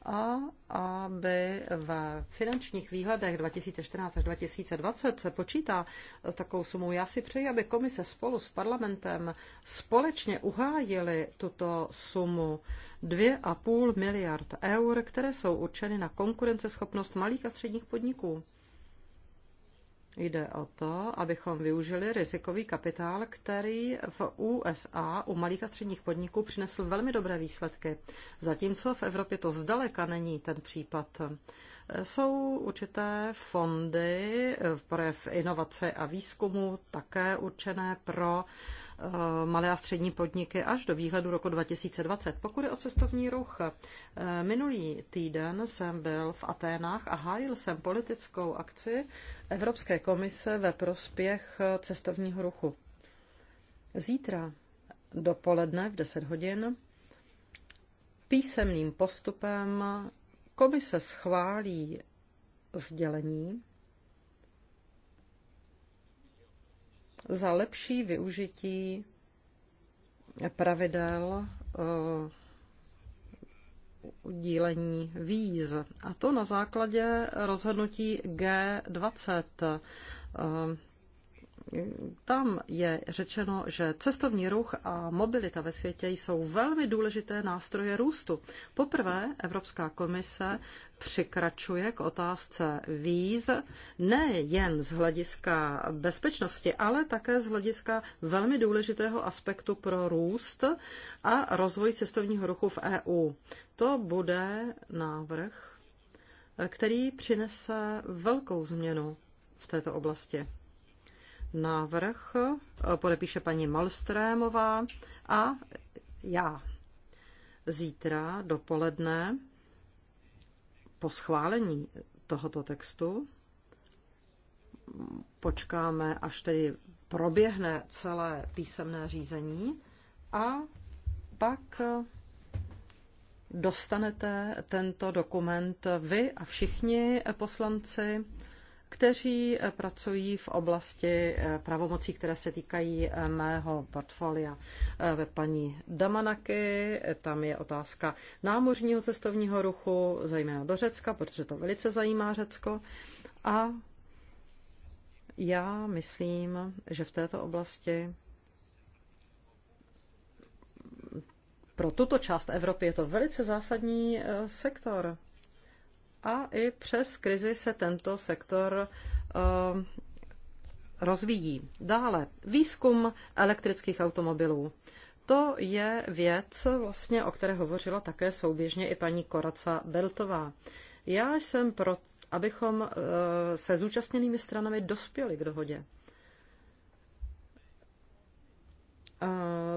a aby v finančních výhledech 2014 až 2020 se počítá s takovou sumou. Já si přeji, aby komise spolu s parlamentem společně uhájili tuto sumu 2,5 miliard eur, které jsou určeny na konkurenceschopnost malých a středních podniků. Jde o to, abychom využili rizikový kapitál, který v USA u malých a středních podniků přinesl velmi dobré výsledky. Zatímco v Evropě to zdaleka není ten případ. Jsou určité fondy v inovace a výzkumu také určené pro Eh, malé a střední podniky až do výhledu roku 2020. Pokud je o cestovní ruch, eh, minulý týden jsem byl v Aténách a hájil jsem politickou akci Evropské komise ve prospěch eh, cestovního ruchu. Zítra dopoledne v 10 hodin písemným postupem komise schválí sdělení za lepší využití pravidel eh, udílení víz. A to na základě rozhodnutí G20 tam je řečeno, že cestovní ruch a mobilita ve světě jsou velmi důležité nástroje růstu. Poprvé Evropská komise přikračuje k otázce víz nejen z hlediska bezpečnosti, ale také z hlediska velmi důležitého aspektu pro růst a rozvoj cestovního ruchu v EU. To bude návrh, který přinese velkou změnu v této oblasti návrh eh, podepíše paní Malstrémová a já. Zítra dopoledne po schválení tohoto textu počkáme, až tedy proběhne celé písemné řízení a pak eh, dostanete tento dokument vy a všichni poslanci kteří eh, pracují v oblasti eh, pravomocí, které se týkají eh, mého portfolia. Ve paní Damanaky tam je otázka námořního cestovního ruchu, zejména do Řecka, protože to velice zajímá Řecko. A já myslím, že v této oblasti pro tuto část Evropy je to velice zásadní sektor a i přes krizi se tento sektor eh, rozvíjí. Dále výzkum elektrických automobilů. To je věc, vlastně, o které hovořila také souběžně i paní Koraca Beltová. Já jsem pro, abychom eh, se zúčastněnými stranami dospěli k dohodě.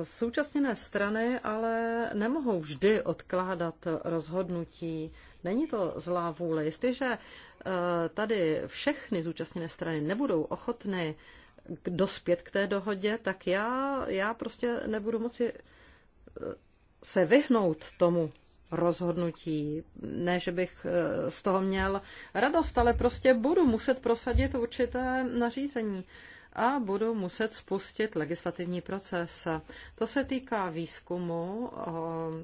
Současněné strany ale nemohou vždy odkládat rozhodnutí Není to zlá vůle. Jestliže eh, tady všechny zúčastněné strany nebudou ochotny dospět k té dohodě, tak já, já prostě nebudu moci eh, se vyhnout tomu rozhodnutí. Ne, že bych eh, z toho měl radost, ale prostě budu muset prosadit určité nařízení a budou muset spustit legislativní proces. To se týká výzkumu eh,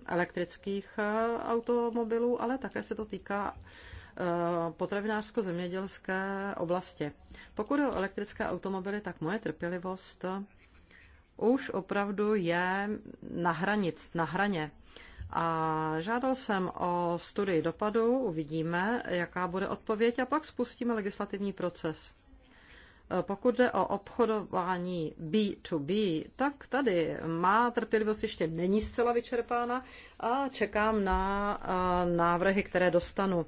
elektrických eh, automobilů, ale také se to týká eh, potravinářsko-zemědělské oblasti. Pokud o elektrické automobily, tak moje trpělivost už opravdu je na hranic, na hraně. A žádal jsem o studii dopadu, uvidíme, jaká bude odpověď a pak spustíme legislativní proces. Eh, pokud jde o obchodování B2B, tak tady má trpělivost ještě není zcela vyčerpána a čekám na eh, návrhy, které dostanu.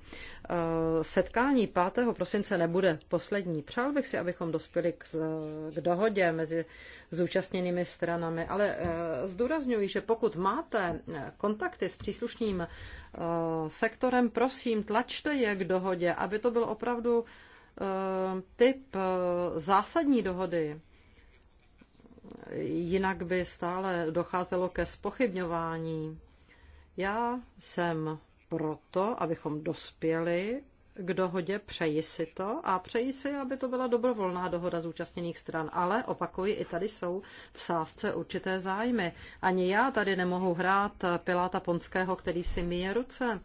Eh, setkání 5. prosince nebude poslední. Přál bych si, abychom dospěli k, k dohodě mezi zúčastněnými stranami, ale zdůrazňuji, že pokud máte kontakty s příslušným sektorem, prosím, tlačte je k dohodě, aby to bylo opravdu Eh, typ eh, zásadní dohody. Jinak by stále docházelo ke spochybňování. Já jsem proto, abychom dospěli k dohodě, přeji si to a přeji si, aby to byla dobrovolná dohoda zúčastněných stran. Ale opakuji, i tady jsou v sázce určité zájmy. Ani já tady nemohu hrát Piláta Ponského, který si míje ruce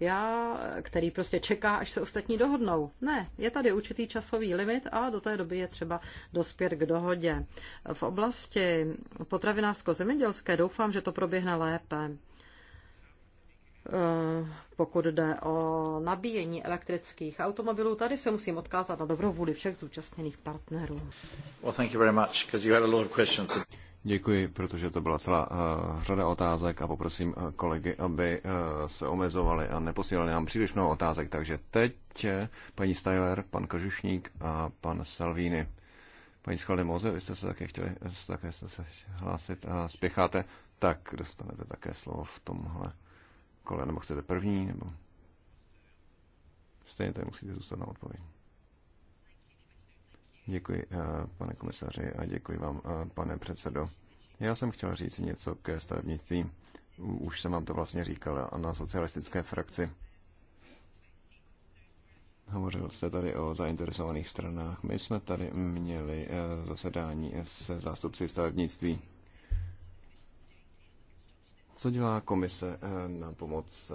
já, který prostě čeká, až se ostatní dohodnou. Ne, je tady určitý časový limit a do té doby je třeba dospět k dohodě. V oblasti potravinářsko-zemědělské doufám, že to proběhne lépe eh, pokud jde o nabíjení elektrických automobilů. Tady se musím odkázat na dobrou vůli všech zúčastněných partnerů. Well, thank you very much, Děkuji, protože to byla celá uh, řada otázek a poprosím uh, kolegy, aby uh, se omezovali a neposílali nám příliš mnoho otázek. Takže teď paní Styler, pan Kožušník a pan Salvini. Paní Moze, vy jste se také chtěli také jste se hlásit a spěcháte, tak dostanete také slovo v tomhle kole, nebo chcete první, nebo stejně tady musíte zůstat na odpovědi. Děkuji, eh, pane komisaři, a děkuji vám, eh, pane předsedo. Já jsem chtěl říct něco ke stavebnictví. Už jsem vám to vlastně říkal a na socialistické frakci. Hovořil jste tady o zainteresovaných stranách. My jsme tady měli eh, zasedání se zástupci stavebnictví. Co dělá komise eh, na pomoc eh,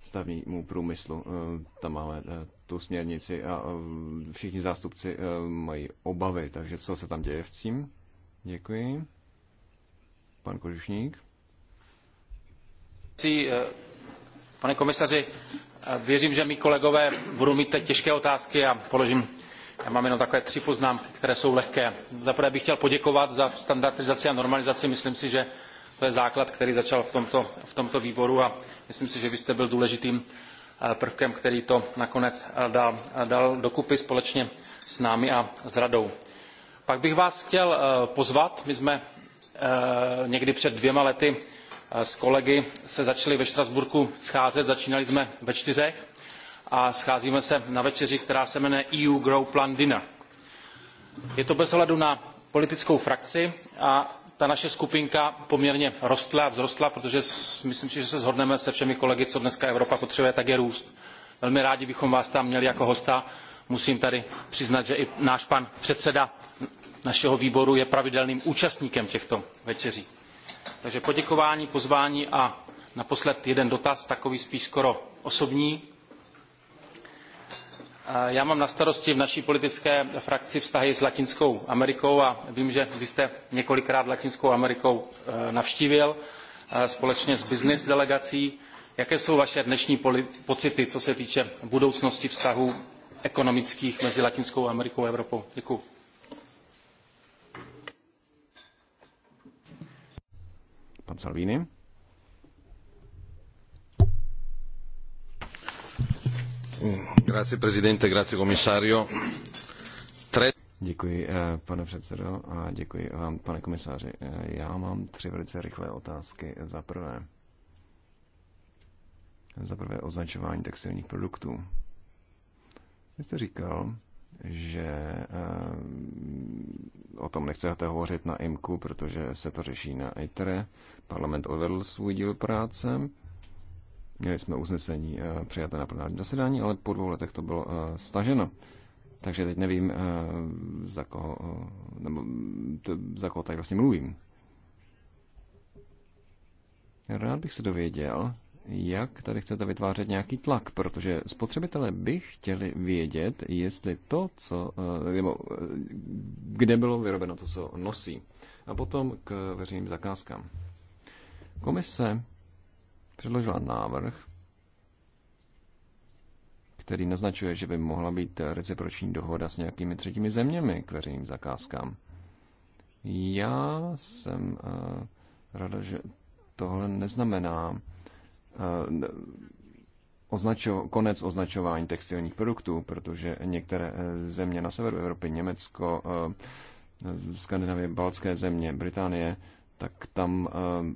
stavnímu průmyslu? Eh, tam máme tu směrnici a všichni zástupci mají obavy, takže co se tam děje v tím? Děkuji. Pan Kožušník. Pane komisaři, věřím, že mý kolegové budou mít teď těžké otázky a položím já mám jenom takové tři poznámky, které jsou lehké. Za prvé bych chtěl poděkovat za standardizaci a normalizaci. Myslím si, že to je základ, který začal v tomto, v tomto výboru a myslím si, že vy jste byl důležitým eh, prvkem, který to nakonec eh, dal, eh, dal dokupy společně s námi a s radou. Pak bych vás chtěl pozvat, my jsme někdy před dvěma lety s kolegy se začali ve Štrasburku scházet, začínali jsme ve čtyřech a scházíme se na večeři, která se jmenuje EU Grow Plan Dinner. Je to bez ohledu na politickou frakci a ta naše skupinka poměrně rostla a vzrostla, protože myslím si, že se shodneme se všemi kolegy, co dneska Evropa potřebuje, tak je růst. Velmi rádi bychom vás tam měli jako hosta. Musím tady přiznat, že i náš pan předseda našeho výboru je pravidelným účastníkem těchto večeří. Takže poděkování, pozvání a naposled jeden dotaz, takový spíš skoro osobní. Já mám na starosti v naší politické frakci vztahy s Latinskou Amerikou a vím, že vy jste několikrát Latinskou Amerikou e, navštívil e, společně s business delegací. Jaké jsou vaše dnešní pocity, co se týče budoucnosti vztahů ekonomických mezi Latinskou Amerikou a Evropou? Děkuji. Pan Salvini. Grazie presidente, grazie komisario. Děkuji, eh, pane předsedo, a děkuji vám, pane komisaři. Eh, já mám tři velice rychlé otázky. Za prvé, za prvé označování textilních produktů. Vy jste říkal, že eh, o tom nechcete hovořit na IMKU, protože se to řeší na ITERE. Parlament odvedl svůj díl práce, Měli jsme uznesení eh, přijaté na plenární zasedání, ale po dvou letech to bylo eh, staženo. Takže teď nevím, eh, za koho, nebo za koho tady vlastně mluvím. Rád bych se dověděl, jak tady chcete vytvářet nějaký tlak, protože spotřebitelé by chtěli vědět, jestli to, co, nebo kde bylo vyrobeno to, co nosí. A potom k veřejným zakázkám. Komise předložila návrh, který naznačuje, že by mohla být reciproční dohoda s nějakými třetími zeměmi k veřejným zakázkám. Já jsem uh, rada, že tohle neznamená uh, označo- konec označování textilních produktů, protože některé eh, země na severu Evropy, Německo, uh, Skandinávie, Balcké země, Británie, tak tam uh,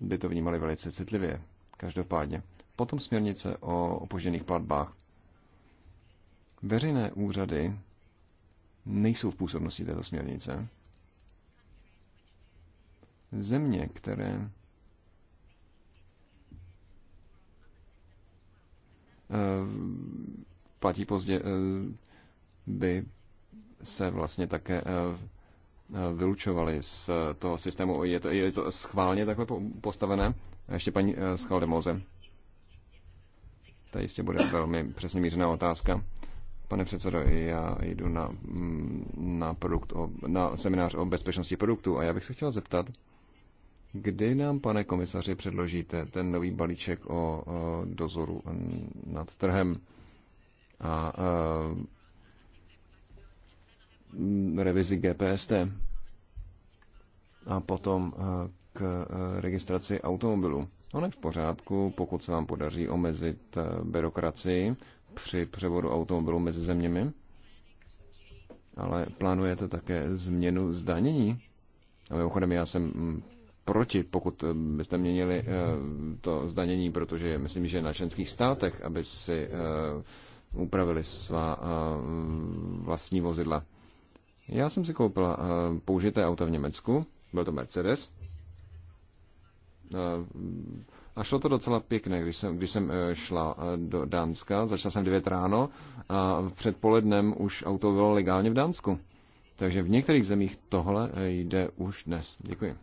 by to vnímali velice citlivě. Každopádně. Potom směrnice o opožděných platbách. Veřejné úřady nejsou v působnosti této směrnice. Země, které eh, platí pozdě, eh, by se vlastně také eh, vylučovali z toho systému. Je to, je to schválně takhle postavené? A ještě paní eh, Schaldemoze. To jistě bude velmi přesně mířená otázka. Pane předsedo, já jdu na, mm, na, produkt o, na seminář o bezpečnosti produktů a já bych se chtěl zeptat, Kdy nám, pane komisaři, předložíte ten nový balíček o, dozoru nad trhem a eh, Mm, revizi GPST a potom eh, k eh, registraci automobilu. No, je v pořádku, pokud se vám podaří omezit eh, byrokracii při převodu automobilu mezi zeměmi, ale plánujete také změnu zdanění. A mimochodem, já jsem mm, proti, pokud byste měnili to zdanění, protože myslím, že na členských státech, aby si upravili svá vlastní vozidla. Já jsem si koupil uh, eh, použité auto v Německu, byl to Mercedes. Uh, A šlo to docela pěkné, když jsem, když jsem uh, šla uh, do Dánska, začala jsem 9 ráno a před polednem už auto bylo legálně v Dánsku. Takže v některých zemích tohle jde už dnes. Děkuji.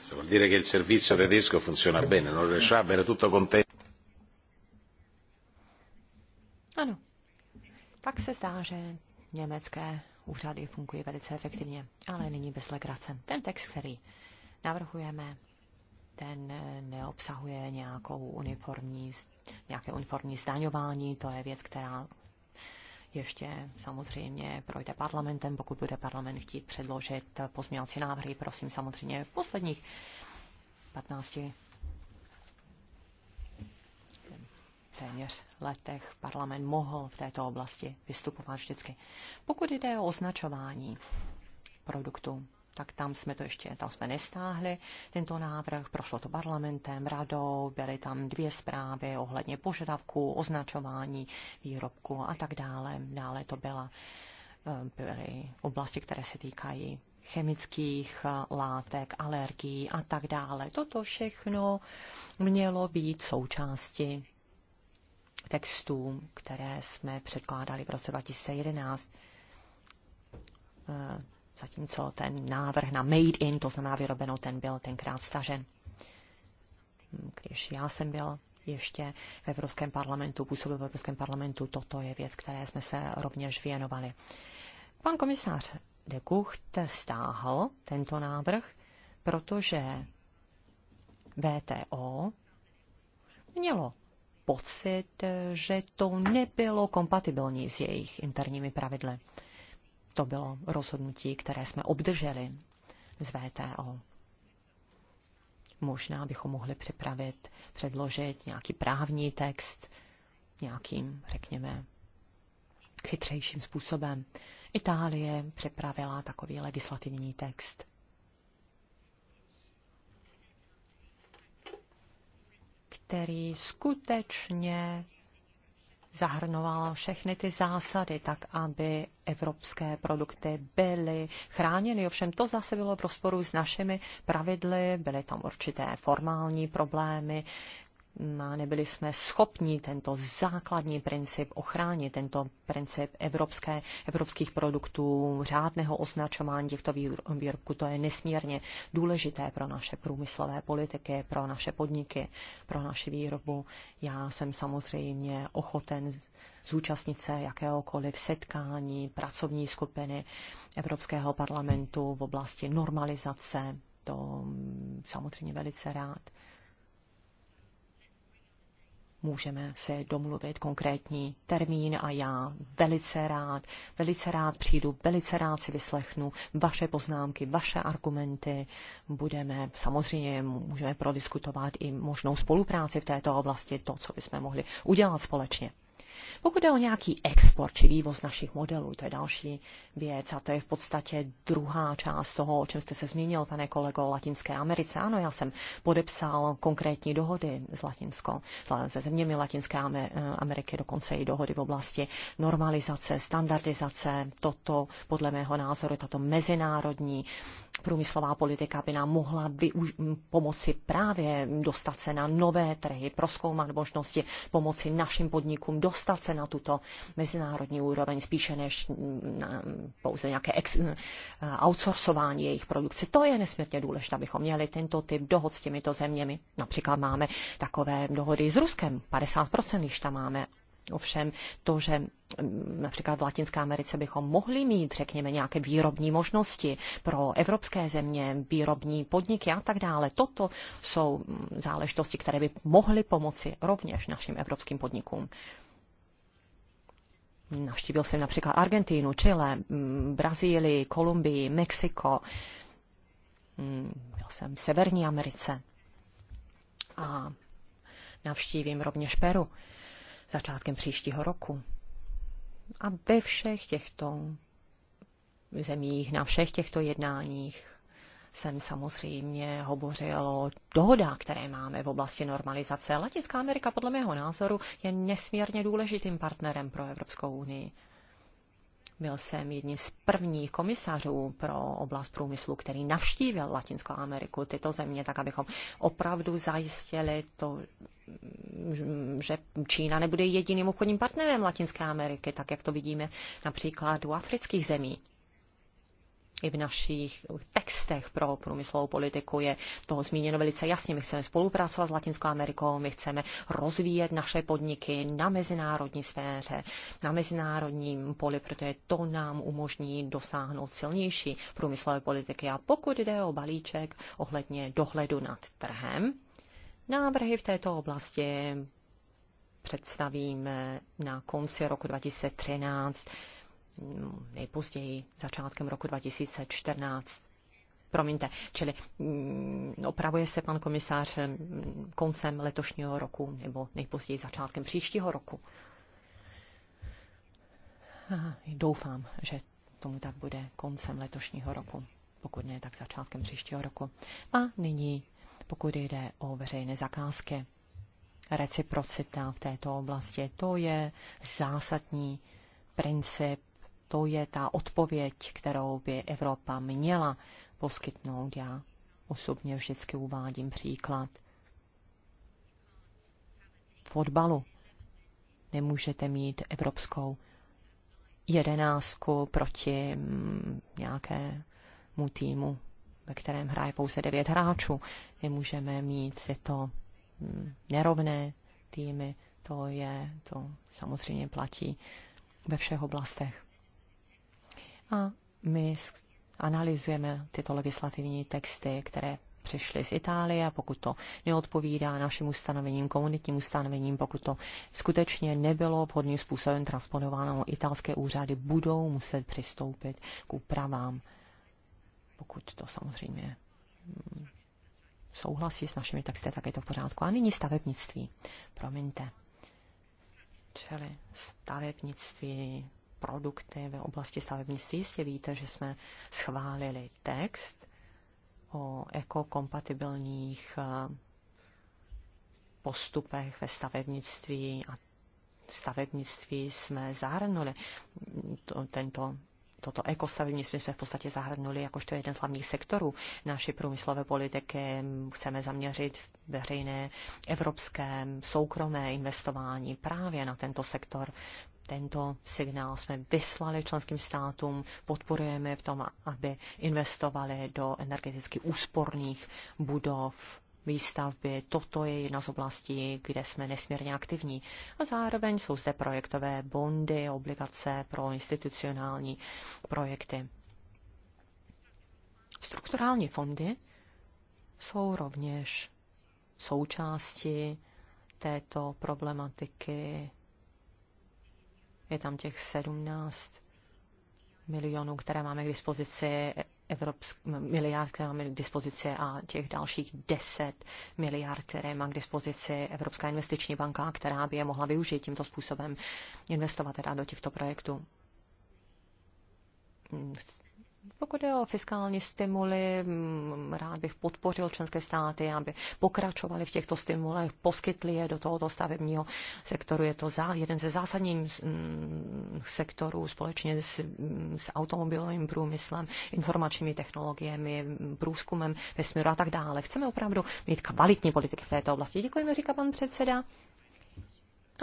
Se vuol dire che il servizio tedesco funziona bene, non riesce a avere tutto contento. Ano. Tak se zdá, že německé úřady fungují velice efektivně, ale nyní bez legrace. Ten text, který navrhujeme, ten neobsahuje nějakou uniformní, nějaké uniformní zdaňování, to je věc, která ještě samozřejmě projde parlamentem, pokud bude parlament chtít předložit pozměňovací návrhy, prosím samozřejmě v posledních 15 téměř letech parlament mohl v této oblasti vystupovat vždycky. Pokud jde o označování produktů, tak tam jsme to ještě, tam jsme nestáhli tento návrh, prošlo to parlamentem, radou, byly tam dvě zprávy ohledně požadavků, označování výrobku a tak dále. Dále to byla, eh, byly oblasti, které se týkají chemických eh, látek, alergií a tak dále. Toto všechno mělo být součástí textům, které jsme předkládali v roce 2011. Eh, zatímco ten návrh na made in, to znamená vyrobenou, ten byl tenkrát stažen. Když já jsem byl ještě v Evropském parlamentu, působil v Evropském parlamentu, toto je věc, které jsme se rovněž věnovali. Pan komisář de Kucht stáhl tento návrh, protože VTO mělo pocit, že to nebylo kompatibilní s jejich interními pravidly. To bylo rozhodnutí, které jsme obdrželi z VTO. Možná bychom mohli připravit, předložit nějaký právní text nějakým, řekněme, chytřejším způsobem. Itálie připravila takový legislativní text. který skutečně zahrnoval všechny ty zásady, tak aby evropské produkty byly chráněny. Ovšem to zase bylo v rozporu s našimi pravidly, byly tam určité formální problémy, a nebyli jsme schopni tento základní princip ochránit, tento princip evropské, evropských produktů, řádného označování těchto výrobků. To je nesmírně důležité pro naše průmyslové politiky, pro naše podniky, pro naši výrobu. Já jsem samozřejmě ochoten zúčastnit se jakéhokoliv setkání pracovní skupiny Evropského parlamentu v oblasti normalizace. To mm, samozřejmě velice rád můžeme se domluvit konkrétní termín a já velice rád, velice rád přijdu, velice rád si vyslechnu vaše poznámky, vaše argumenty. Budeme, samozřejmě můžeme prodiskutovat i možnou spolupráci v této oblasti, to, co bychom mohli udělat společně. Pokud jde o nějaký export či vývoz našich modelů, to je další věc a to je v podstatě druhá část toho, o čem jste se zmínil, pane kolego, o Latinské Americe. Ano, já jsem podepsal konkrétní dohody s Latinskou, se zeměmi Latinské Ameriky, dokonce i dohody v oblasti normalizace, standardizace. Toto, podle mého názoru, tato mezinárodní průmyslová politika by nám mohla využ- pomoci právě dostat se na nové trhy, proskoumat možnosti pomoci našim podnikům dostat dostat se na tuto mezinárodní úroveň, spíše než na pouze nějaké ex, eh, outsourcování jejich produkce. To je nesmírně důležité, abychom měli tento typ dohod s těmito zeměmi. Například máme takové dohody s Ruskem, 50% již tam máme Ovšem to, že mm, například v Latinské Americe bychom mohli mít, řekněme, nějaké výrobní možnosti pro evropské země, výrobní podniky a tak dále, toto jsou mm, záležitosti, které by mohly pomoci rovněž našim evropským podnikům. Navštívil jsem například Argentínu, Chile, mm, Brazílii, Kolumbii, Mexiko. Mm, byl jsem v Severní Americe. A navštívím rovněž Peru začátkem příštího roku. A ve všech těchto zemích, na všech těchto jednáních jsem samozřejmě hovořil o dohodách, které máme v oblasti normalizace. Latinská Amerika podle mého názoru je nesmírně důležitým partnerem pro Evropskou unii. Byl jsem jedním z prvních komisařů pro oblast průmyslu, který navštívil Latinskou Ameriku, tyto země, tak abychom opravdu zajistili to, že Čína nebude jediným obchodním partnerem Latinské Ameriky, tak jak to vidíme například u afrických zemí i v našich textech pro průmyslovou politiku je toho zmíněno velice jasně. My chceme spolupracovat s Latinskou Amerikou, my chceme rozvíjet naše podniky na mezinárodní sféře, na mezinárodním poli, protože to nám umožní dosáhnout silnější průmyslové politiky. A pokud jde o balíček ohledně dohledu nad trhem, návrhy v této oblasti představíme na konci roku 2013 No, nejpozději začátkem roku 2014. Promiňte, čili mm, opravuje se pan komisář mm, koncem letošního roku nebo nejpozději začátkem příštího roku. A doufám, že tomu tak bude koncem letošního roku, pokud ne, tak začátkem příštího roku. A nyní, pokud jde o veřejné zakázky, reciprocita v této oblasti, to je zásadní princip to je ta odpověď, kterou by Evropa měla poskytnout. Já osobně vždycky uvádím příklad fotbalu. Nemůžete mít evropskou jedenáctku proti mm, nějakému týmu, ve kterém hraje pouze devět hráčů. Nemůžeme mít tyto mm, nerovné týmy. To je, to samozřejmě platí ve všech oblastech. A my analyzujeme tyto legislativní texty, které přišly z Itálie a pokud to neodpovídá našim ustanovením, komunitním ustanovením, pokud to skutečně nebylo vhodným způsobem transponováno, italské úřady budou muset přistoupit k úpravám, pokud to samozřejmě mm, souhlasí s našimi texty, tak je to v pořádku. A nyní stavebnictví. Promiňte. Čili stavebnictví produkty v oblasti stavebnictví. Jistě víte, že jsme schválili text o ekokompatibilních eh, postupech ve stavebnictví a stavebnictví jsme zahrnuli to, tento toto ekostavebnictví jsme v podstatě zahrnuli jakožto jeden z hlavních sektorů naší průmyslové politiky. Chceme zaměřit veřejné, evropské, soukromé investování právě na tento sektor tento signál jsme vyslali členským státům, podporujeme v tom, aby investovali do energeticky úsporných budov, výstavby. Toto je jedna z oblastí, kde jsme nesmírně aktivní. A zároveň jsou zde projektové bondy, obligace pro institucionální projekty. Strukturální fondy jsou rovněž součástí této problematiky je tam těch 17 milionů, které máme k dispozici, Evropsk, miliard, které máme k dispozici a těch dalších 10 miliard, které má k dispozici Evropská investiční banka, která by je mohla využít tímto způsobem investovat teda do těchto projektů hmm, pokud je o fiskální stimuly, mm, rád bych podpořil členské státy, aby pokračovali v těchto stimulech, poskytli je do tohoto stavebního sektoru. Je to za, jeden ze zásadních mm, sektorů společně s, mm, s automobilovým průmyslem, informačními technologiemi, průzkumem vesmíru a tak dále. Chceme opravdu mít kvalitní politiky v této oblasti. Děkujeme, říká pan předseda.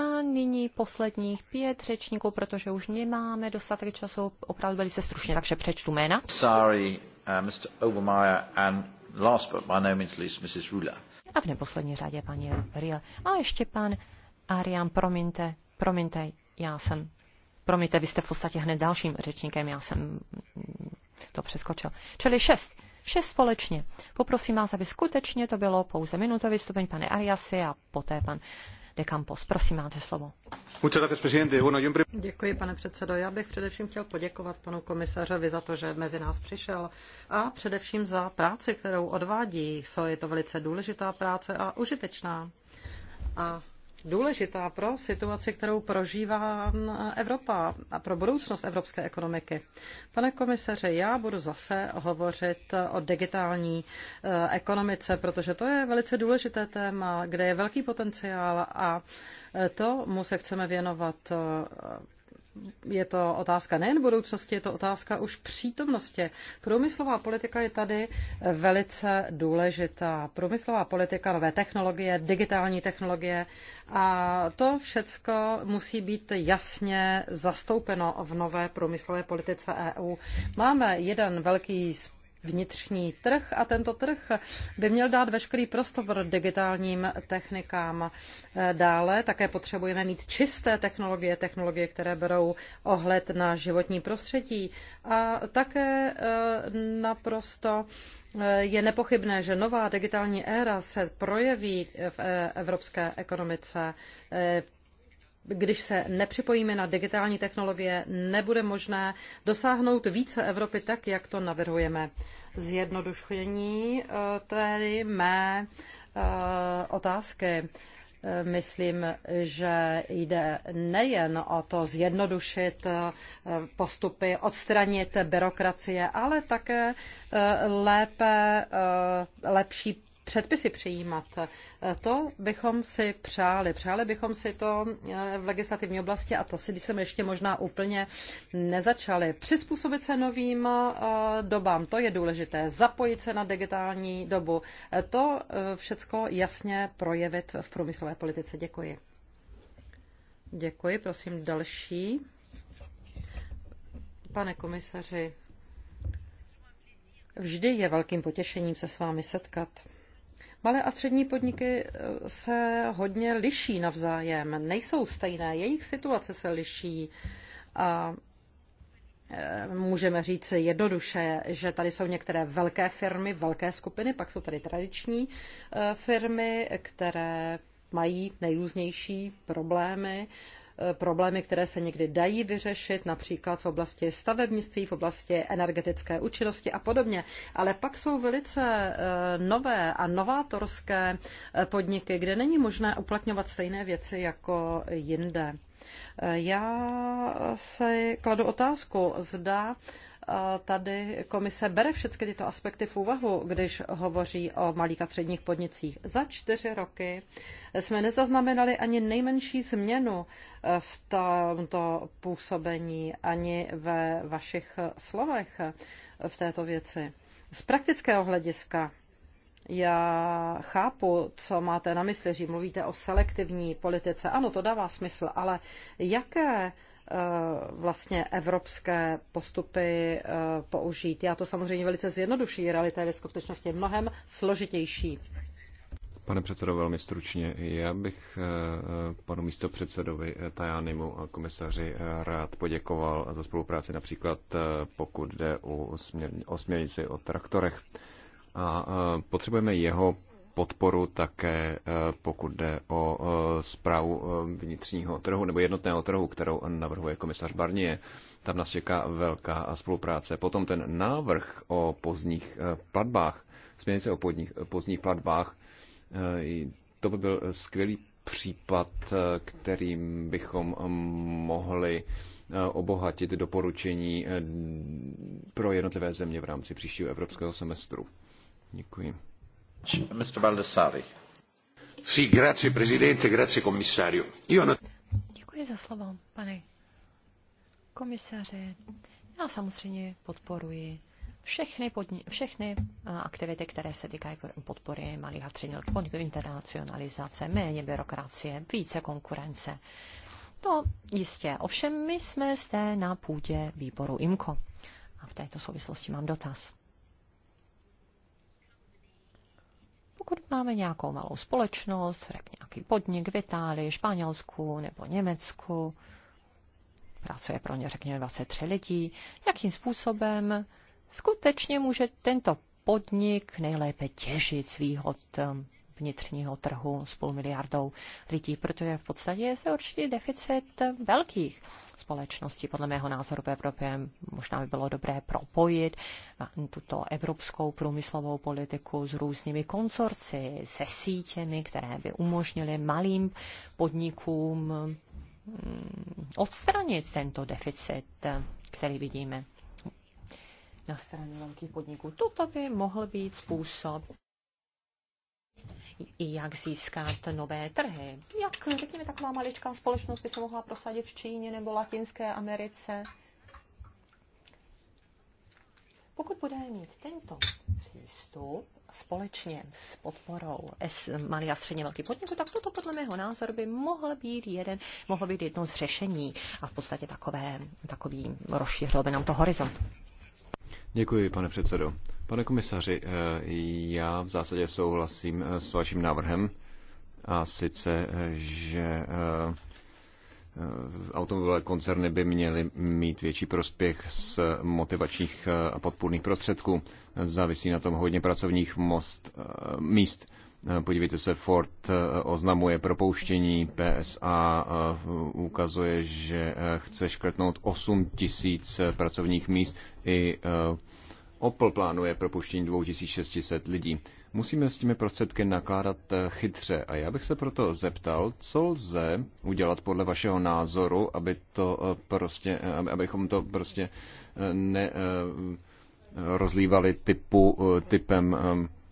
A nyní posledních pět řečníků, protože už nemáme dostatek času, opravdu velice stručně, takže přečtu jména. Sorry, uh, Mr. Obermeyer and last but by no means least, Mrs. Rula. A v neposlední řadě paní Riel. A ještě pan Arian, promiňte, promiňte, já jsem, promiňte, vy jste v podstatě hned dalším řečníkem, já jsem to přeskočil. Čili šest. Šest společně. Poprosím vás, aby skutečně to bylo pouze minutový stupeň, pane Ariasy a poté pan de Campos. Prosím, máte slovo. Děkuji, pane předsedo. Já bych především chtěl poděkovat panu komisařovi za to, že mezi nás přišel a především za práci, kterou odvádí. Je to velice důležitá práce a užitečná. A důležitá pro situaci, kterou prožívá Evropa a pro budoucnost evropské ekonomiky. Pane komisaře, já budu zase hovořit o digitální eh, ekonomice, protože to je velice důležité téma, kde je velký potenciál a eh, tomu se chceme věnovat eh, je to otázka nejen budoucnosti, je to otázka už přítomnosti. Průmyslová politika je tady velice důležitá. Průmyslová politika, nové technologie, digitální technologie a to všecko musí být jasně zastoupeno v nové průmyslové politice EU. Máme jeden velký vnitřní trh a tento trh by měl dát veškerý prostor digitálním technikám. Dále také potřebujeme mít čisté technologie, technologie, které berou ohled na životní prostředí a také eh, naprosto eh, je nepochybné, že nová digitální éra se projeví v eh, evropské ekonomice když se nepřipojíme na digitální technologie, nebude možné dosáhnout více Evropy tak, jak to navrhujeme. Zjednodušení eh, tedy mé eh, otázky. Eh, myslím, že jde nejen o to zjednodušit postupy, odstranit byrokracie, ale také lépe, lepší předpisy přijímat. To bychom si přáli. Přáli bychom si to eh, v legislativní oblasti a to si jsme ještě možná úplně nezačali. Přizpůsobit se novým eh, dobám, to je důležité. Zapojit se na digitální dobu. Eh, to všecko jasně projevit v průmyslové politice. Děkuji. Děkuji. Prosím další. Pane komisaři, vždy je velkým potěšením se s vámi setkat. Malé a střední podniky eh, se hodně liší navzájem, nejsou stejné, jejich situace se liší. A eh, můžeme říct jednoduše, že tady jsou některé velké firmy, velké skupiny, pak jsou tady tradiční eh, firmy, které mají nejrůznější problémy Eh, problémy, které se někdy dají vyřešit, například v oblasti stavebnictví, v oblasti energetické účinnosti a podobně. Ale pak jsou velice eh, nové a novátorské eh, podniky, kde není možné uplatňovat stejné věci jako jinde. Já se kladu otázku, zda tady komise bere všechny tyto aspekty v úvahu, když hovoří o malých a středních podnicích. Za čtyři roky jsme nezaznamenali ani nejmenší změnu eh, v tomto působení, ani ve vašich slovech eh, v této věci. Z praktického hlediska já chápu, co máte na mysli, že mluvíte o selektivní politice. Ano, to dává smysl, ale jaké Eh, vlastně evropské postupy eh, použít. Já to samozřejmě velice zjednoduší, realita je ve skutečnosti mnohem složitější. Pane předsedo, velmi stručně. Já bych eh, panu místo předsedovi Tajanimu a komisaři rád poděkoval za spolupráci například pokud jde o směrnici o traktorech. A potřebujeme jeho podporu také, eh, pokud jde o eh, zprávu eh, vnitřního trhu nebo jednotného trhu, kterou navrhuje komisař Barnier. Tam nás čeká velká spolupráce. Potom ten návrh o pozdních platbách, směrnice o podních, pozdních platbách, to by byl skvělý případ, kterým bychom mohli obohatit doporučení pro jednotlivé země v rámci příštího evropského semestru. Děkuji. Mr. Baldessari. Sì, grazie presidente, grazie commissario. Io... Děkuji za slovo, pane komisaři. Já samozřejmě podporuji všechny, podni- všechny aktivity, které se týkají podpory malých a středních podniků, internacionalizace, méně byrokracie, více konkurence. To jistě. Ovšem my jsme zde na půdě výboru IMCO. A v této souvislosti mám dotaz. Pokud máme nějakou malou společnost, nějaký podnik v Itálii, Španělsku nebo Německu, pracuje pro ně řekněme 23 lidí, jakým způsobem skutečně může tento podnik nejlépe těžit z výhod vnitřního trhu s půl miliardou lidí, protože v podstatě je zde určitý deficit velkých společností, podle mého názoru v Evropě. Možná by bylo dobré propojit tuto evropskou průmyslovou politiku s různými konsorci, se sítěmi, které by umožnily malým podnikům mm, odstranit tento deficit, který vidíme na straně velkých podniků. Toto by mohl být způsob, jak získat nové trhy. Jak, řekněme, taková maličká společnost by se mohla prosadit v Číně nebo Latinské Americe. Pokud budeme mít tento přístup společně s podporou S, malý a středně velký podniku, tak toto podle mého názoru by mohl být, jeden, mohl být jedno z řešení a v podstatě takové, takový rozšířil by nám to horizont. Děkuji, pane předsedo. Pane komisaři, eh, já v zásadě souhlasím eh, s vaším návrhem a sice, eh, že automobilové koncerny by měly mít větší prospěch z motivačních a podpůrných prostředků. Závisí na tom hodně pracovních most, míst. Podívejte se, Ford oznamuje propouštění, PSA ukazuje, že chce škrtnout 8 tisíc pracovních míst i Opel plánuje propuštění 2600 lidí. Musíme s těmi prostředky nakládat eh, chytře a já bych se proto zeptal, co lze udělat podle vašeho názoru, aby to eh, prostě, eh, abychom to prostě ne rozlívali typu, typem,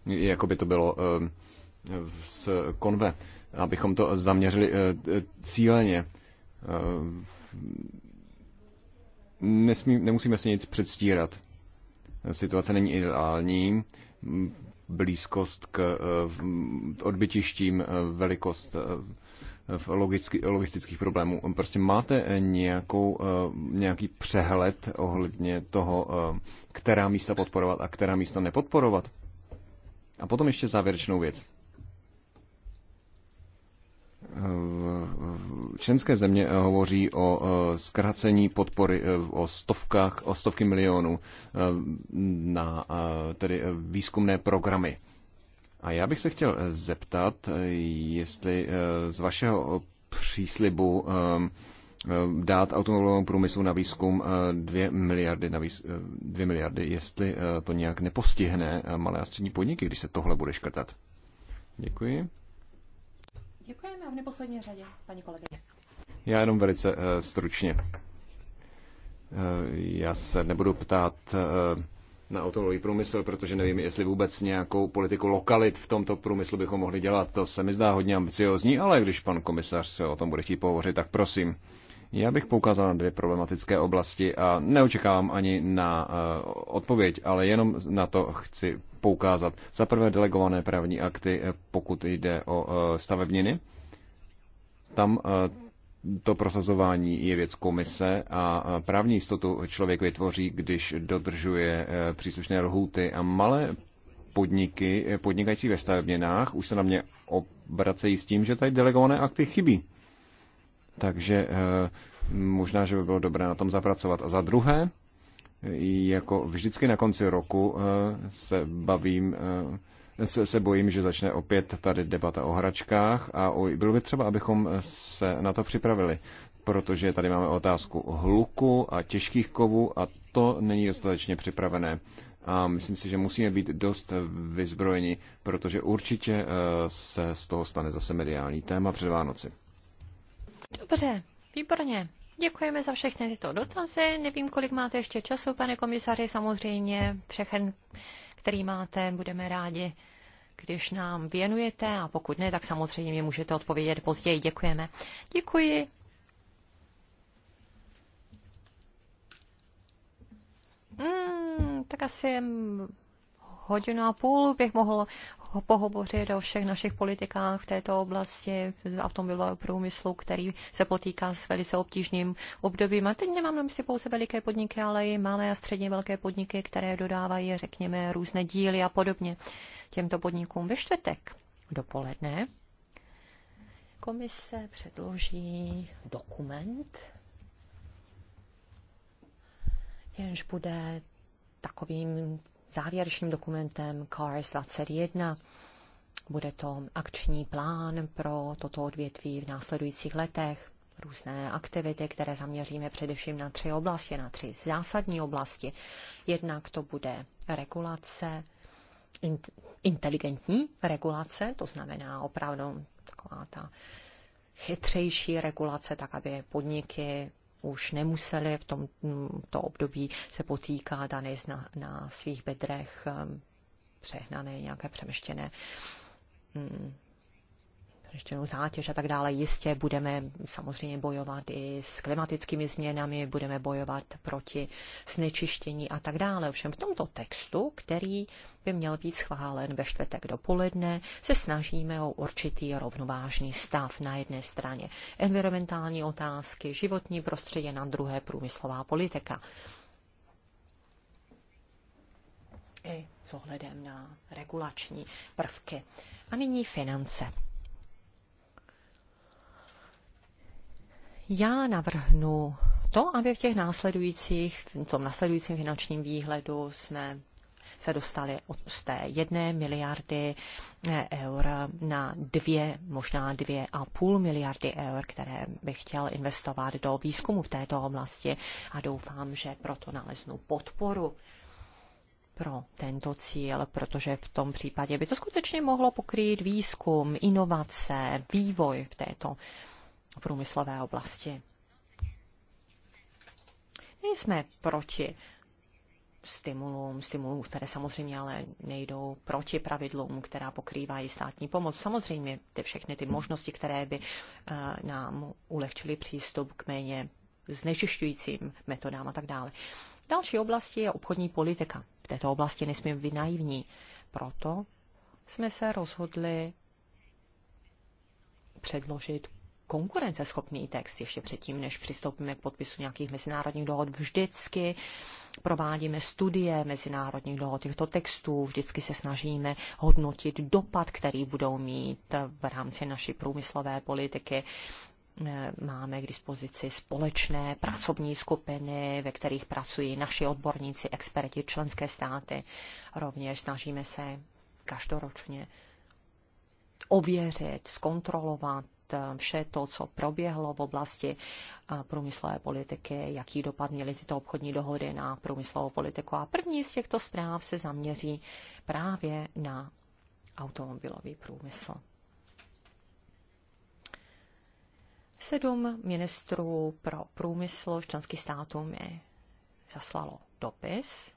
jako by to bylo z konve, abychom to zaměřili cíleně nesmí, nemusíme si nic předstírat. Situace není ideální. Blízkost k eh, odbytištím, eh, velikost eh, logicky, logistických problémů. Prostě máte nějakou, nějaký přehled ohledně toho, která místa podporovat a která místa nepodporovat? A potom ještě závěrečnou věc členské země hovoří o e, zkrácení podpory e, o stovkách, o stovky milionů e, na tedy výzkumné programy. A já bych se chtěl zeptat, jestli z vašeho příslibu dát automobilovému průmyslu na výzkum 2 miliardy, na výz, 2 miliardy, jestli to nějak nepostihne malé a střední podniky, když se tohle bude škrtat. Děkuji. Děkujeme a v neposlední řadě, paní kolegyně. Já jenom velice uh, stručně. Uh, já se nebudu ptát uh, na automobilový průmysl, protože nevím, jestli vůbec nějakou politiku lokalit v tomto průmyslu bychom mohli dělat. To se mi zdá hodně ambiciozní, ale když pan komisař se o tom bude chtít pohovořit, tak prosím. Já bych poukázal na dvě problematické oblasti a neočekávám ani na uh, odpověď, ale jenom na to chci poukázat. Za prvé delegované právní akty, eh, pokud jde o eh, stavebniny. Tam eh, to prosazování je věc komise a právní jistotu člověk vytvoří, když dodržuje příslušné lhůty a malé podniky, podnikající ve stavebninách, už se na mě obracejí s tím, že tady delegované akty chybí. Takže možná, že by bylo dobré na tom zapracovat. A za druhé, jako vždycky na konci roku eh, se bavím, eh, se, se bojím, že začne opět tady debata o hračkách a o, bylo by třeba, abychom se na to připravili, protože tady máme otázku hluku a těžkých kovů a to není dostatečně připravené. A myslím si, že musíme být dost vyzbrojeni, protože určitě eh, se z toho stane zase mediální téma před Vánoci. Dobře, výborně. Děkujeme za všechny tyto dotazy. Nevím, kolik máte ještě času, pane komisaři. Samozřejmě všechen, který máte, budeme rádi, když nám věnujete a pokud ne, tak samozřejmě můžete odpovědět později. Děkujeme. Děkuji. Mm, tak asi hodinu a půl bych mohl pohovořit o všech našich politikách v této oblasti, v automobilového průmyslu, který se potýká s velice obtížným obdobím. A teď nemám na mysli pouze veliké podniky, ale i malé a středně velké podniky, které dodávají, řekněme, různé díly a podobně těmto podnikům. Ve čtvrtek dopoledne komise předloží dokument, jenž bude takovým závěrečným dokumentem CARS 21. Bude to akční plán pro toto odvětví v následujících letech, různé aktivity, které zaměříme především na tři oblasti, na tři zásadní oblasti. Jednak to bude regulace, inteligentní regulace, to znamená opravdu taková ta chytřejší regulace, tak aby podniky už nemuseli v tomto mm, období se potýkat a nést na, na svých bedrech mm, přehnané, nějaké přemeštěné mm, ještě zátěž a tak dále. Jistě budeme samozřejmě bojovat i s klimatickými změnami, budeme bojovat proti znečištění a tak dále. Ovšem v tomto textu, který by měl být schválen ve čtvrtek dopoledne, se snažíme o určitý rovnovážný stav na jedné straně. Environmentální otázky, životní prostředí na druhé průmyslová politika. I s ohledem na regulační prvky. A nyní finance. Já navrhnu to, aby v těch následujících, v tom následujícím finančním výhledu jsme se dostali od z té jedné miliardy eh, eur na dvě, možná dvě a půl miliardy eur, které bych chtěl investovat do výzkumu v této oblasti a doufám, že proto naleznu podporu pro tento cíl, protože v tom případě by to skutečně mohlo pokrýt výzkum, inovace, vývoj v této průmyslové oblasti. Nejsme proti stimulům, stimulům, které samozřejmě ale nejdou proti pravidlům, která pokrývají státní pomoc. Samozřejmě ty všechny ty možnosti, které by eh, nám ulehčily přístup k méně znečišťujícím metodám a tak dále. Další oblasti je obchodní politika. V této oblasti nesmíme být naivní. Proto jsme se rozhodli předložit konkurenceschopný text ještě předtím, než přistoupíme k podpisu nějakých mezinárodních dohod. Vždycky provádíme studie mezinárodních dohod těchto textů, vždycky se snažíme hodnotit dopad, který budou mít v rámci naší průmyslové politiky máme k dispozici společné pracovní skupiny, ve kterých pracují naši odborníci, experti, členské státy. Rovněž snažíme se každoročně ověřit, zkontrolovat Eh, vše to, co proběhlo v oblasti eh, průmyslové politiky, jaký dopad měly tyto obchodní dohody na průmyslovou politiku. A první z těchto zpráv se zaměří právě na automobilový průmysl. Sedm ministrů pro průmysl v členských států mi zaslalo dopis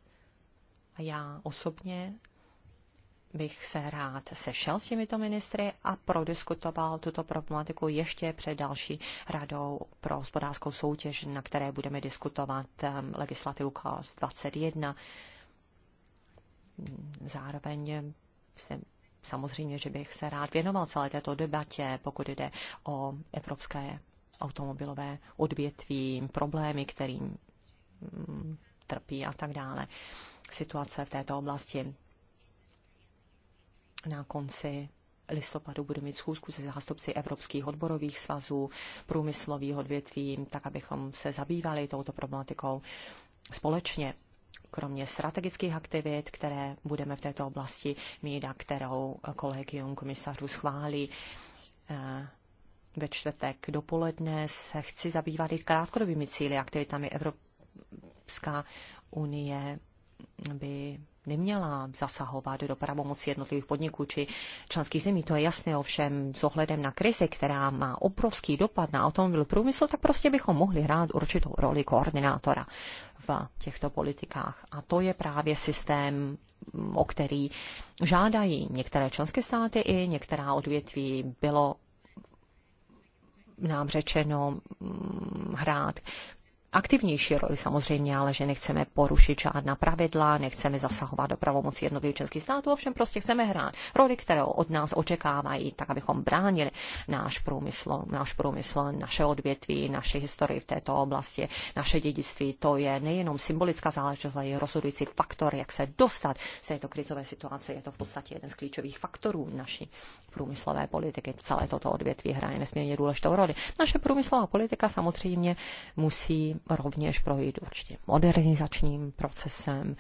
a já osobně bych se rád sešel s těmito ministry a prodiskutoval tuto problematiku ještě před další radou pro hospodářskou soutěž, na které budeme diskutovat um, legislativu KOS 21. Zároveň se samozřejmě, že bych se rád věnoval celé této debatě, pokud jde o evropské automobilové odvětví, problémy, kterým mm, trpí a tak dále. Situace v této oblasti na konci listopadu budu mít schůzku se zástupci evropských odborových svazů, průmyslových odvětví, tak abychom se zabývali touto problematikou společně. Kromě strategických aktivit, které budeme v této oblasti mít a kterou kolegium komisařů schválí, eh, ve čtvrtek dopoledne se chci zabývat i krátkodobými cíly aktivitami Evropská unie by neměla zasahovat do pravomoci jednotlivých podniků či členských zemí. To je jasné ovšem s ohledem na krizi, která má obrovský dopad na automobil průmysl, tak prostě bychom mohli hrát určitou roli koordinátora v těchto politikách. A to je právě systém o který žádají některé členské státy i některá odvětví. Bylo nám řečeno mm, hrát aktivnější roli samozřejmě, ale že nechceme porušit žádná pravidla, nechceme zasahovat do pravomocí jednotlivých členských států, ovšem prostě chceme hrát roli, kterou od nás očekávají, tak abychom bránili náš průmysl, náš průmysl, naše odvětví, naše historii v této oblasti, naše dědictví. To je nejenom symbolická záležitost, ale je rozhodující faktor, jak se dostat z této krizové situace. Je to v podstatě jeden z klíčových faktorů naší průmyslové politiky. Celé toto odvětví hraje nesmírně důležitou roli. Naše průmyslová politika samozřejmě musí rovněž projít určitě modernizačním procesem.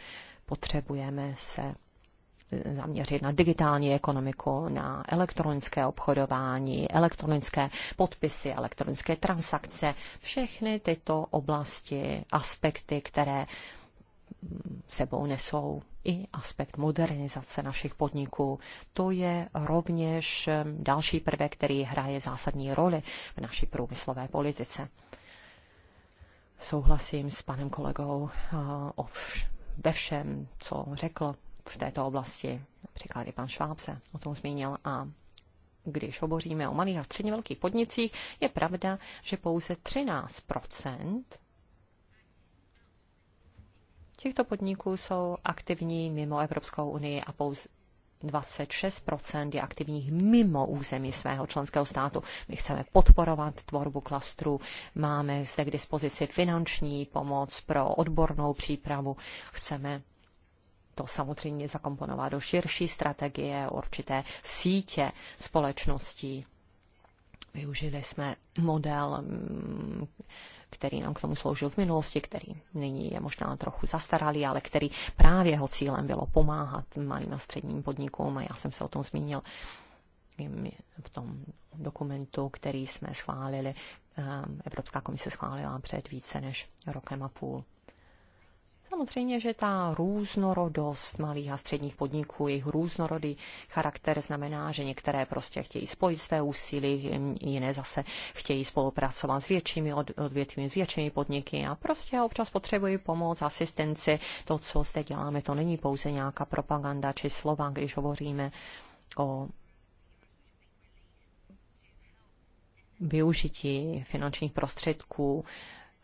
Potřebujeme se zaměřit na digitální ekonomiku, na elektronické obchodování, elektronické podpisy, elektronické transakce, všechny tyto oblasti, aspekty, které sebou nesou i aspekt modernizace našich podniků. To je rovněž další prvek, který hraje zásadní roli v naší průmyslové politice. Souhlasím s panem kolegou eh, o vš- ve všem, co řekl v této oblasti. Například i pan Šváb se o tom zmínil a když hovoříme o malých a středně velkých podnicích, je pravda, že pouze 13 těchto podniků jsou aktivní mimo Evropskou unii a pouze 26 je aktivních mimo území svého členského státu. My chceme podporovat tvorbu klastru, máme zde k dispozici finanční pomoc pro odbornou přípravu, chceme to samozřejmě zakomponovat do širší strategie určité sítě společností. Využili jsme model mm, který nám k tomu sloužil v minulosti, který nyní je možná trochu zastaralý, ale který právě jeho cílem bylo pomáhat malým a středním podnikům a já jsem se o tom zmínil v tom dokumentu, který jsme schválili, ehm, Evropská komise schválila před více než rokem a půl. Samozřejmě, že ta různorodost malých a středních podniků, jejich různorodý charakter znamená, že některé prostě chtějí spojit své úsilí, jiné zase chtějí spolupracovat s většími odvětvími, s většími podniky a prostě občas potřebují pomoc, asistenci. To, co zde děláme, to není pouze nějaká propaganda či slova, když hovoříme o využití finančních prostředků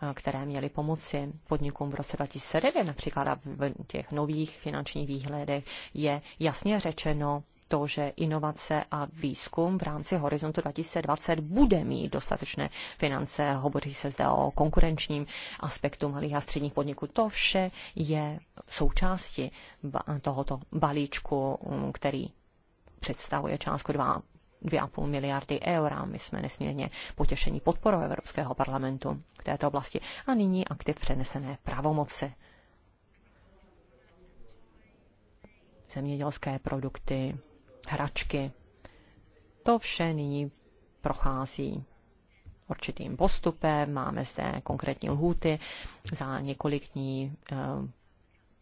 Eh, které měly pomoci podnikům v roce 2009, například v těch nových finančních výhledech, je jasně řečeno, to, že inovace a výzkum v rámci Horizontu 2020 bude mít dostatečné finance. Hovoří se zde o konkurenčním aspektu malých a středních podniků. To vše je součástí tohoto balíčku, mm, který představuje částku 2,5 miliardy eur. my jsme nesmírně potěšení podporou Evropského parlamentu v této oblasti. A nyní aktiv přenesené pravomoci. Zemědělské produkty, hračky. To vše nyní prochází určitým postupem. Máme zde konkrétní lhůty. Za několik dní eh,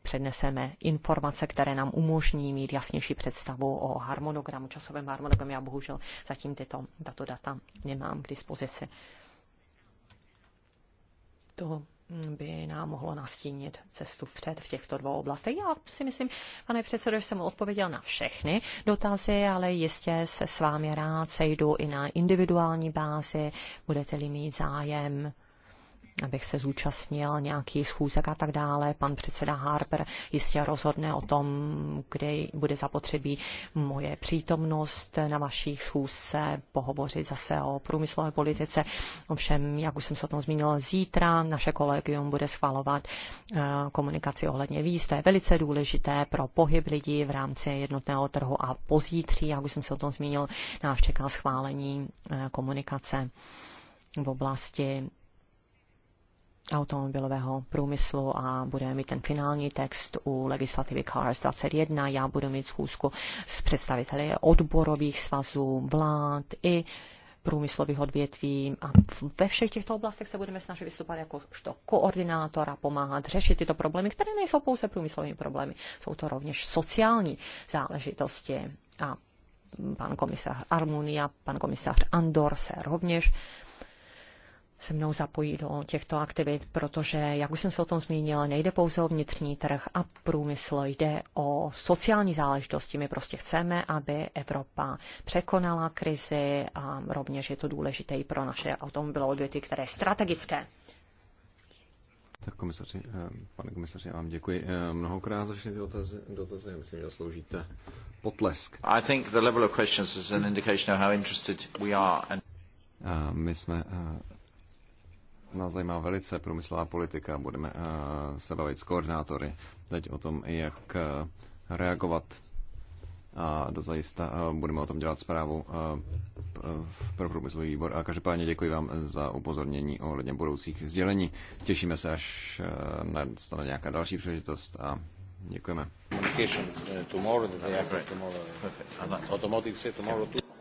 předneseme informace, které nám umožní mít jasnější představu o harmonogramu, časovém harmonogramu. Já bohužel zatím tyto, tato data nemám k dispozici. To by nám mohlo nastínit cestu před v těchto dvou oblastech. Já si myslím, pane předsedo, že jsem odpověděl na všechny dotazy, ale jistě se s vámi rád sejdu i na individuální bázi. Budete-li mít zájem abych se zúčastnil nějaký schůzek a tak dále. Pan předseda Harper jistě rozhodne o tom, kde bude zapotřebí moje přítomnost na vašich schůzce, pohovořit zase o průmyslové politice. Ovšem, jak už jsem se o tom zmínil, zítra naše kolegium bude schvalovat eh, komunikaci ohledně víz. To je velice důležité pro pohyb lidí v rámci jednotného trhu a pozítří, jak už jsem se o tom zmínil, nás čeká schválení eh, komunikace v oblasti automobilového průmyslu a budeme mít ten finální text u legislativy CARS 21. Já budu mít schůzku s představiteli odborových svazů, vlád i průmyslových odvětví a ve všech těchto oblastech se budeme snažit vystupovat što jako koordinátor a pomáhat řešit tyto problémy, které nejsou pouze průmyslovými problémy, jsou to rovněž sociální záležitosti a pan komisař Armunia, pan komisař Andor se rovněž se mnou zapojí do těchto aktivit, protože, jak už jsem se o tom zmínila, nejde pouze o vnitřní trh a průmysl, jde o sociální záležitosti. My prostě chceme, aby Evropa překonala krizi a rovněž je to důležité i pro naše automobilové odvěty, které je strategické. Tak komisaři, eh, pane komisaři, já vám děkuji eh, mnohokrát za všechny ty dotazy. dotazy. Myslím, že sloužíte potlesk. I think the level of questions is an indication of how interested we are. And... My jsme eh, nás zajímá velice průmyslová politika. Budeme eh, se bavit s koordinátory teď o tom, jak eh, reagovat a dozajista eh, budeme o tom dělat zprávu pro průmyslový výbor. A každopádně děkuji vám za upozornění ohledně budoucích sdělení. Těšíme se, až nastane nějaká další příležitost a děkujeme. Communication tomorrow, the day after tomorrow. Automotive say tomorrow too.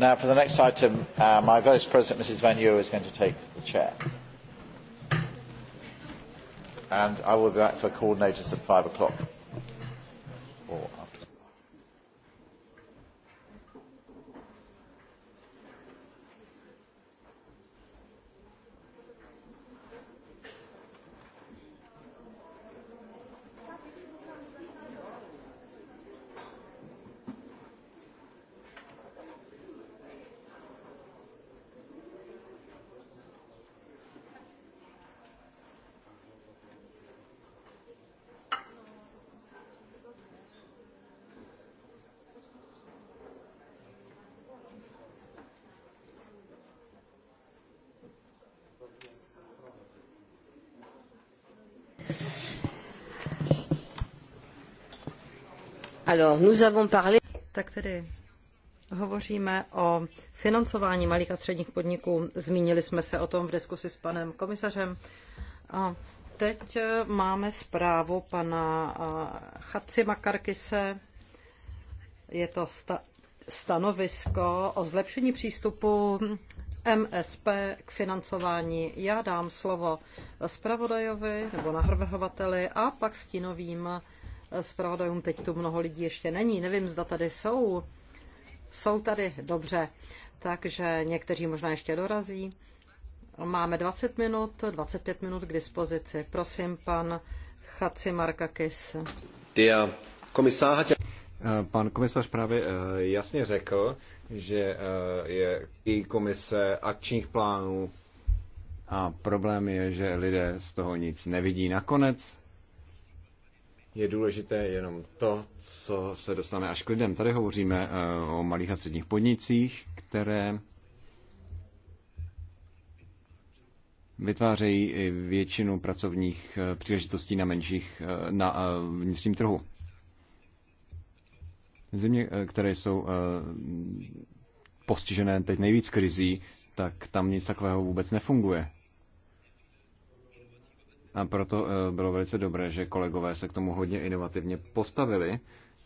Now, for the next item, uh, my Vice President, Mrs. Van Uwe, is going to take the chair. And I will be back for coordinators at five o'clock. Alors, nous avons parlé... Tak tedy hovoříme o financování malých a středních podniků. Zmínili jsme se o tom v diskusi s panem komisařem. A teď eh, máme zprávu pana eh, Chaci Karkise. Je to sta- stanovisko o zlepšení přístupu MSP k financování. Já dám slovo zpravodajovi nebo navrhovateli a pak stínovým zpravodajům. Teď tu mnoho lidí ještě není, nevím, zda tady jsou. Jsou tady, dobře. Takže někteří možná ještě dorazí. Máme 20 minut, 25 minut k dispozici. Prosím, pan Chaci Markakis. Der Komisář. Eh, pan komisař právě eh, jasně řekl, že eh, je i komise akčních plánů a problém je, že lidé z toho nic nevidí. Nakonec je důležité jenom to, co se dostane až k lidem. Tady hovoříme eh, o malých a středních podnicích, které vytvářejí většinu pracovních eh, příležitostí na menších, eh, na vnitřním trhu. Země, které jsou postižené teď nejvíc krizí, tak tam nic takového vůbec nefunguje. A proto eh, bylo velice dobré, že kolegové se k tomu hodně inovativně postavili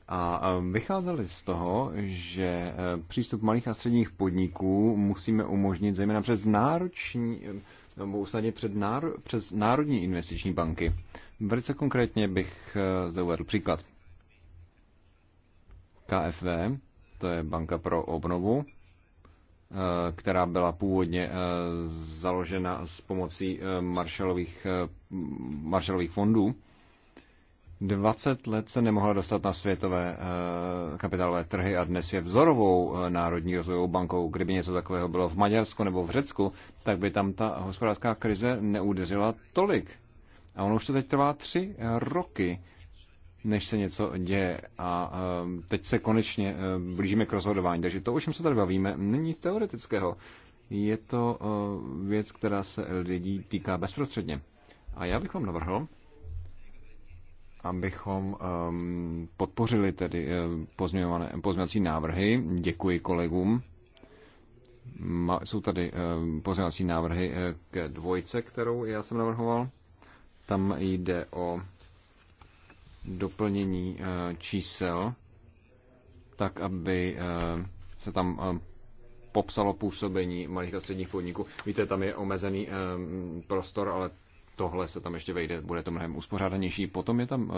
a vycházeli z toho, že eh, přístup malých a středních podniků musíme umožnit zejména přes nároční, eh, nebo usnadnit před náro, přes národní investiční banky. Velice konkrétně bych zde uvedl příklad. KFV, to je banka pro obnovu, Eh, která byla původně eh, založena s pomocí eh, Marshallových, Marshallových fondů. 20 let se nemohla dostat na světové kapitálové trhy a dnes je vzorovou národní rozvojovou bankou. Kdyby něco takového bylo v Maďarsku nebo v Řecku, tak by tam ta hospodářská krize neudeřila tolik. A ono už to teď trvá tři roky než se něco děje. A ehm, teď se konečně ehm, blížíme k rozhodování. Takže to, o čem se tady bavíme, není nic teoretického. Je to ehm, věc, která se lidí týká bezprostředně. A já bych vám navrhl, abychom um, podpořili tedy pozměňovací návrhy. Děkuji kolegům. Ma, jsou tady um, pozměňovací návrhy eh, ke dvojce, kterou já jsem navrhoval. Tam jde o doplnění eh, čísel, tak aby eh, se tam eh, popsalo působení malých a středních podniků. Víte, tam je omezený prostor, ale tohle se tam ještě vejde, bude to mnohem uspořádanější. Potom je tam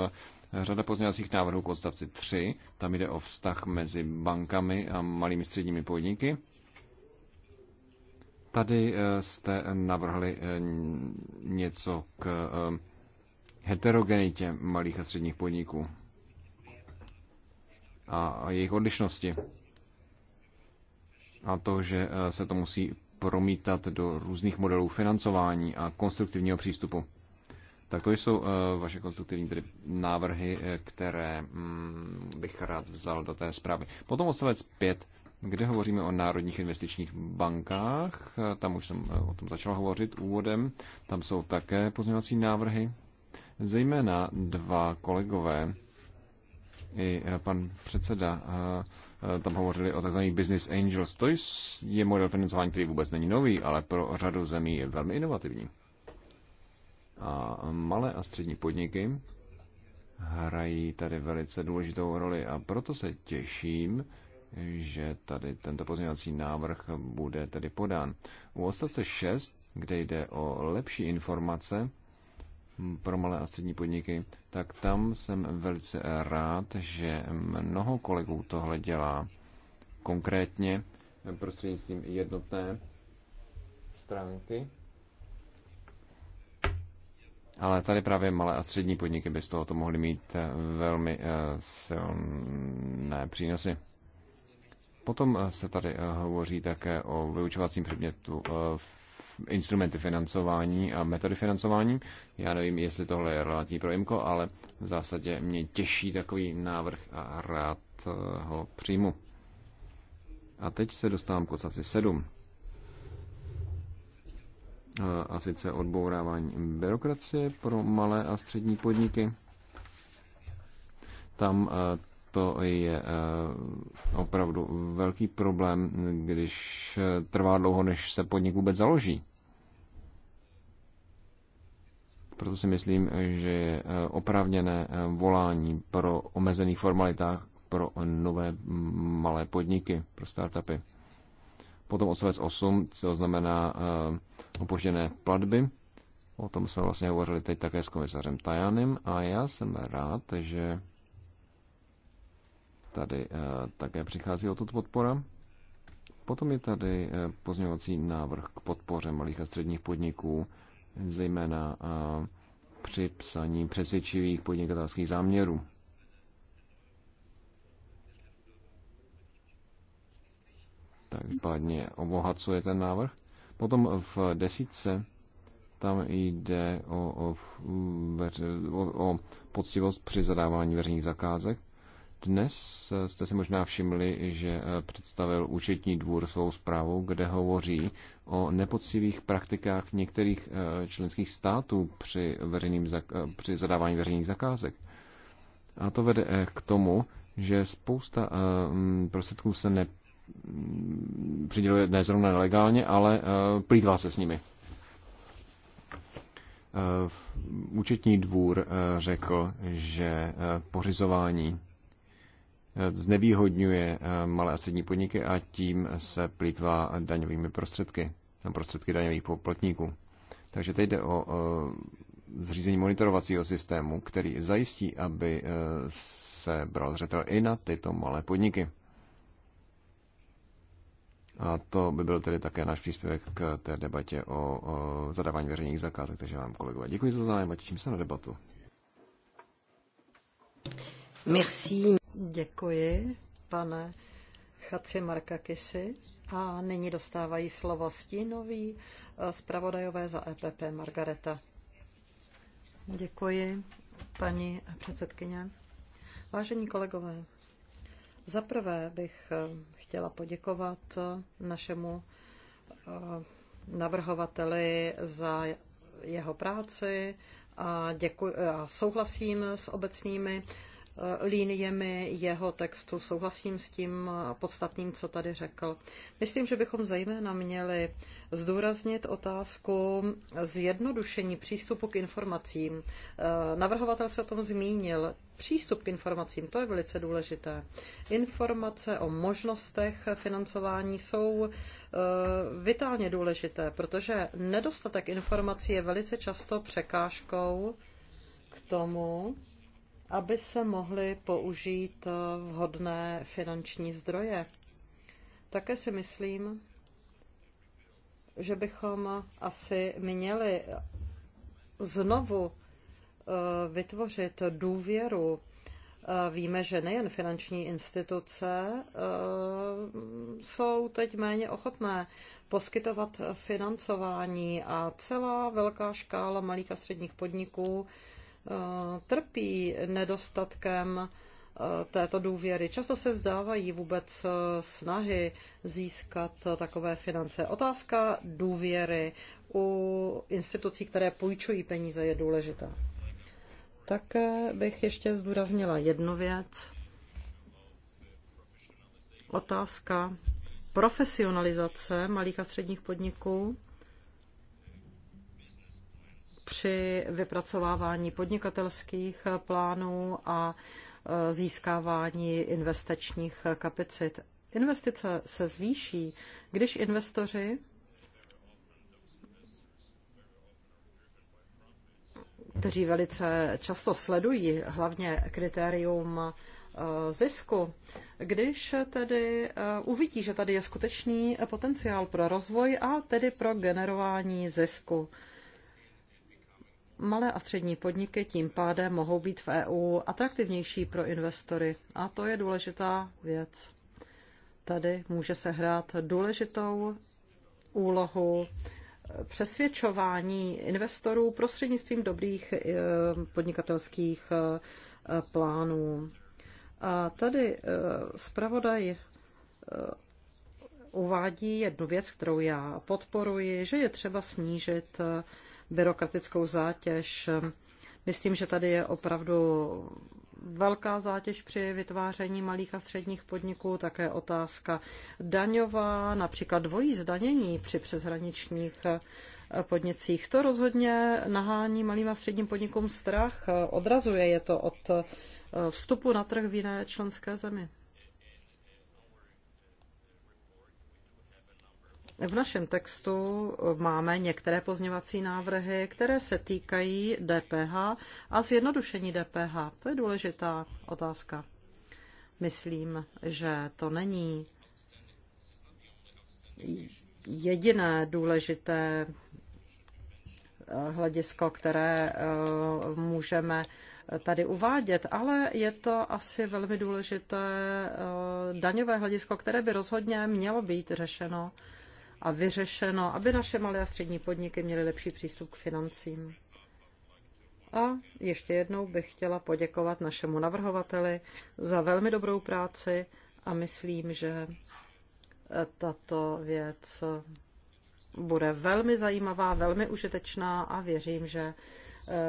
řada pozměňovacích návrhů k odstavci 3, tam jde o vztah mezi bankami a malými středními podniky. Tady jste navrhli něco k heterogenitě malých a středních podniků a jejich odlišnosti. A to, že e, se to musí promítat do různých modelů financování a konstruktivního přístupu. Tak to jsou e, vaše konstruktivní tedy návrhy, e, které mm, bych rád vzal do té zprávy. Potom odstavec 5, kde hovoříme o národních investičních bankách. Tam už jsem o tom začal hovořit úvodem. Tam jsou také pozměňovací návrhy. Zejména dva kolegové i eh, pan předseda eh, eh, tam hovořili o takzvaných business angels. To je model financování, který vůbec není nový, ale pro řadu zemí je velmi inovativní. A malé a střední podniky hrají tady velice důležitou roli a proto se těším, že tady tento pozměňovací návrh bude tedy podán. U odstavce 6, kde jde o lepší informace, pro malé a střední podniky, tak tam jsem velice rád, že mnoho kolegů tohle dělá konkrétně prostřednictvím jednotné stránky. Ale tady právě malé a střední podniky by z tohoto mohly mít eh, velmi eh, silné přínosy. Potom eh, se tady hovoří také o vyučovacím předmětu v instrumenty financování a metody financování. Já nevím, jestli tohle je relativní pro IMCO, ale v zásadě mě těší takový návrh a rád eh, ho přijmu. A teď se dostávám k odstavci 7. Eh, a sice odbourávání byrokracie pro malé a střední podniky. Tam eh, to je eh, opravdu velký problém, když eh, trvá dlouho, než se podnik vůbec založí. Proto si myslím, že je eh, oprávněné volání pro omezených formalitách pro nové mm, malé podniky, pro startupy. Potom odstavec 8, co znamená opožděné platby. O tom jsme vlastně hovořili teď také s komisařem Tajanem a já jsem rád, že tady eh, také přichází o to podpora. Potom je tady eh, pozměňovací návrh k podpoře malých a středních podniků, zejména eh, při psaní přesvědčivých podnikatelských záměrů. Každopádně obohacuje ten návrh. Potom v desítce tam jde o, o, o, o poctivost při zadávání veřejných zakázek. Dnes jste si možná všimli, že eh, představil účetní dvůr svou zprávou, kde hovoří o nepoctivých praktikách některých eh, členských států při, veřejným, eh, při zadávání veřejných zakázek. A to vede k tomu, že spousta prostředků se ne, přiděluje ne zrovna nelegálně, ale plýtvá se s nimi. Účetní dvůr řekl, že pořizování znevýhodňuje eh, malé a střední podniky a tím se plýtvá daňovými prostředky, eh, prostředky daňových poplatníků. Takže teď jde o eh, zřízení monitorovacího systému, který zajistí, aby se bral zřetel i na tyto malé podniky. A to by byl tedy také náš příspěvek k té debatě o, o zadávání veřejných zakázek. Takže vám, kolegové, děkuji za zájem a těším se na debatu. Merci. Děkuji, pane Chaci Marka Kisy. A nyní dostávají slovo stínový eh, zpravodajové za EPP Margareta. Děkuji, paní předsedkyně. Vážení kolegové, zaprvé bych eh, chtěla poděkovat eh, našemu navrhovateli za jeho práci a, děku- a souhlasím s obecnými Eh, líniemi jeho textu. Souhlasím s tím podstatným, co tady řekl. Myslím, že bychom zejména měli zdůraznit otázku zjednodušení přístupu k informacím. Eh, navrhovatel se o tom zmínil. Přístup k informacím, to je velice důležité. Informace o možnostech financování jsou eh, vitálně důležité, protože nedostatek informací je velice často překážkou k tomu, aby se mohly použít vhodné finanční zdroje. Také si myslím, že bychom asi měli znovu eh, vytvořit důvěru. Eh, víme, že nejen finanční instituce eh, jsou teď méně ochotné poskytovat financování a celá velká škála malých a středních podniků Eh, trpí nedostatkem eh, této důvěry. Často se vzdávají vůbec eh, snahy získat takové finance. Otázka důvěry u institucí, které půjčují peníze, je důležitá. Také bych ještě zdůraznila jednu věc. Otázka profesionalizace malých a středních podniků při vypracovávání podnikatelských plánů a e, získávání investičních kapacit. Investice se zvýší, když investoři kteří velice často sledují hlavně kritérium e, zisku. Když tedy e, uvidí, že tady je skutečný potenciál pro rozvoj a tedy pro generování zisku. Malé a střední podniky tím pádem mohou být v EU atraktivnější pro investory a to je důležitá věc. Tady může se hrát důležitou úlohu přesvědčování investorů prostřednictvím dobrých eh, podnikatelských eh, plánů. A tady eh, zpravodaj uvádí jednu věc, kterou já podporuji, že je třeba snížit byrokratickou zátěž. Myslím, že tady je opravdu velká zátěž při vytváření malých a středních podniků, také otázka daňová, například dvojí zdanění při přeshraničních eh, podnicích. To rozhodně nahání malým a středním podnikům strach, eh, odrazuje je to od eh, vstupu na trh v jiné členské zemi. V našem textu máme některé pozněvací návrhy, které se týkají DPH a zjednodušení DPH. To je důležitá otázka. Myslím, že to není jediné důležité eh, hledisko, které eh, můžeme tady uvádět, ale je to asi velmi důležité eh, daňové hledisko, které by rozhodně mělo být řešeno a vyřešeno, aby naše malé a střední podniky měly lepší přístup k financím. A ještě jednou bych chtěla poděkovat našemu navrhovateli za velmi dobrou práci a myslím, že tato věc bude velmi zajímavá, velmi užitečná a věřím, že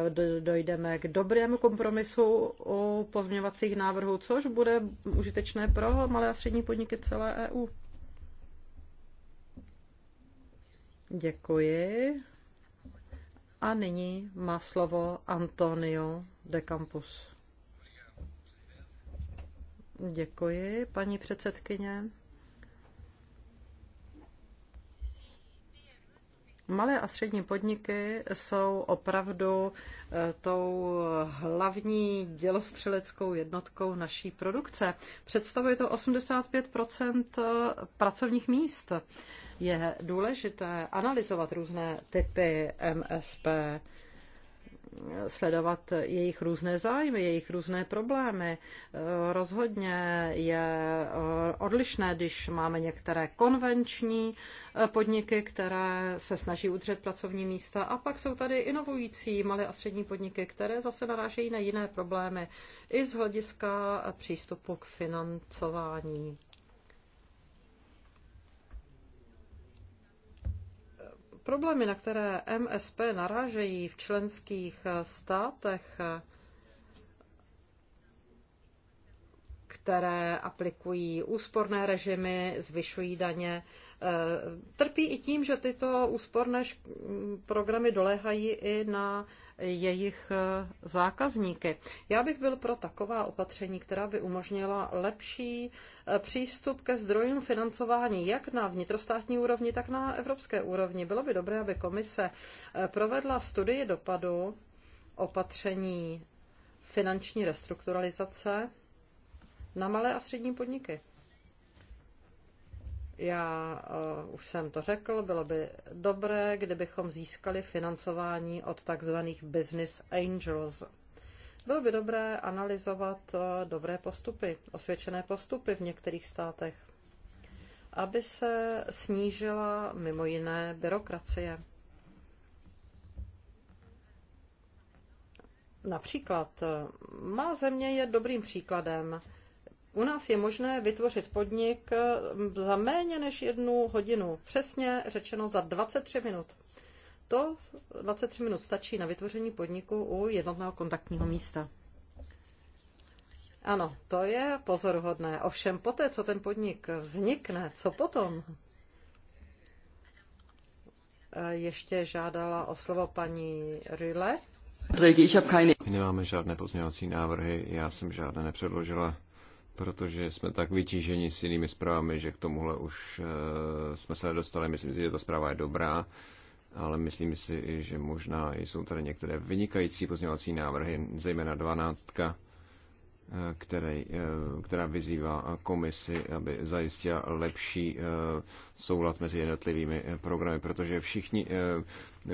eh, dojdeme k dobrému kompromisu u pozměňovacích návrhů, což bude užitečné pro malé a střední podniky celé EU. Děkuji. A nyní má slovo Antonio de Campus. Děkuji, paní předsedkyně. Malé a střední podniky jsou opravdu eh, tou hlavní dělostřeleckou jednotkou naší produkce. Představuje to 85 eh, pracovních míst je důležité analyzovat různé typy MSP, sledovat jejich různé zájmy, jejich různé problémy. Rozhodně je odlišné, když máme některé konvenční podniky, které se snaží udržet pracovní místa a pak jsou tady inovující malé a střední podniky, které zase narážejí na jiné problémy i z hlediska přístupu k financování. Problémy, na které MSP narážejí v členských státech, které aplikují úsporné režimy, zvyšují daně, Eh, trpí i tím, že tyto úsporné programy doléhají i na jejich eh, zákazníky. Já bych byl pro taková opatření, která by umožnila lepší eh, přístup ke zdrojům financování jak na vnitrostátní úrovni, tak na evropské úrovni. Bylo by dobré, aby komise provedla studii dopadu opatření finanční restrukturalizace na malé a střední podniky. Já uh, už jsem to řekl, bylo by dobré, kdybychom získali financování od takzvaných business angels. Bylo by dobré analyzovat uh, dobré postupy, osvědčené postupy v některých státech, aby se snížila mimo jiné byrokracie. Například eh, má země je dobrým příkladem u nás je možné vytvořit podnik za méně než jednu hodinu, přesně řečeno za 23 minut. To 23 minut stačí na vytvoření podniku u jednotného kontaktního místa. Ano, to je pozoruhodné. Ovšem poté, co ten podnik vznikne, co potom? E, ještě žádala o slovo paní Rille. My nemáme žádné pozměňovací návrhy, já jsem žádné nepředložila protože jsme tak vytíženi s jinými zprávami, že k tomuhle už eh, jsme se nedostali. Myslím si, že ta zpráva je dobrá, ale myslím si, že možná jsou tady některé vynikající pozměvací návrhy, zejména 12, eh, které, eh, která vyzývá komisi, aby zajistila lepší soulad mezi jednotlivými programy, protože všichni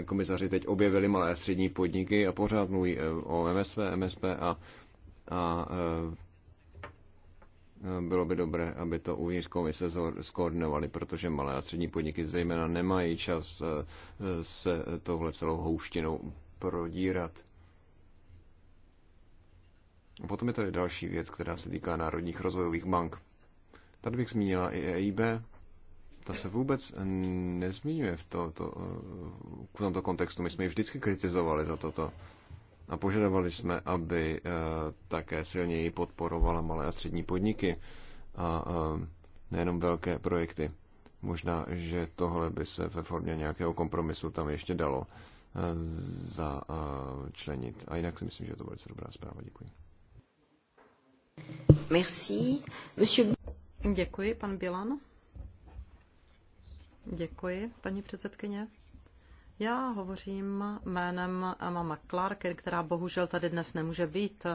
komisaři teď objevili malé a střední podniky a pořád mluví o MSV, MSP a a bylo by dobré, aby to uvnitř komise skoordinovali, protože malé a střední podniky zejména nemají čas eh, se tohle celou houštinou prodírat. A potom je tady další věc, která se týká národních rozvojových bank. Tady bych zmínila i EIB. Ta se vůbec nezmiňuje v, to, to, eh, v tomto kontextu. My jsme ji vždycky kritizovali za toto. To a požadovali jsme, aby eh, také silněji podporovala malé a střední podniky a eh, nejenom velké projekty. Možná, že tohle by se ve formě nějakého kompromisu tam ještě dalo eh, začlenit. A jinak si myslím, že je to velice dobrá zpráva. Děkuji. Merci. Monsieur... Děkuji, pan Bilan. Děkuji, paní předsedkyně. Já hovořím jménem Mama Clark, která bohužel tady dnes nemůže být.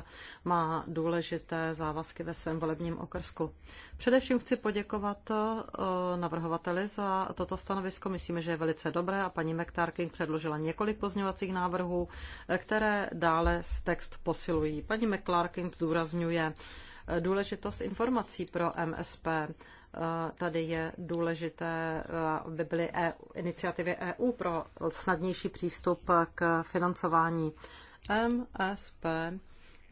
Má důležité závazky ve svém volebním okrsku. Především chci poděkovat eh, navrhovateli za toto stanovisko. Myslíme, že je velice dobré a paní McTarking předložila několik pozňovacích návrhů, eh, které dále z text posilují. Paní McClarkin zdůrazňuje důležitost informací pro MSP. Eh, tady je důležité, eh, aby byly EU, iniciativy EU pro snadnější přístup k financování. MSP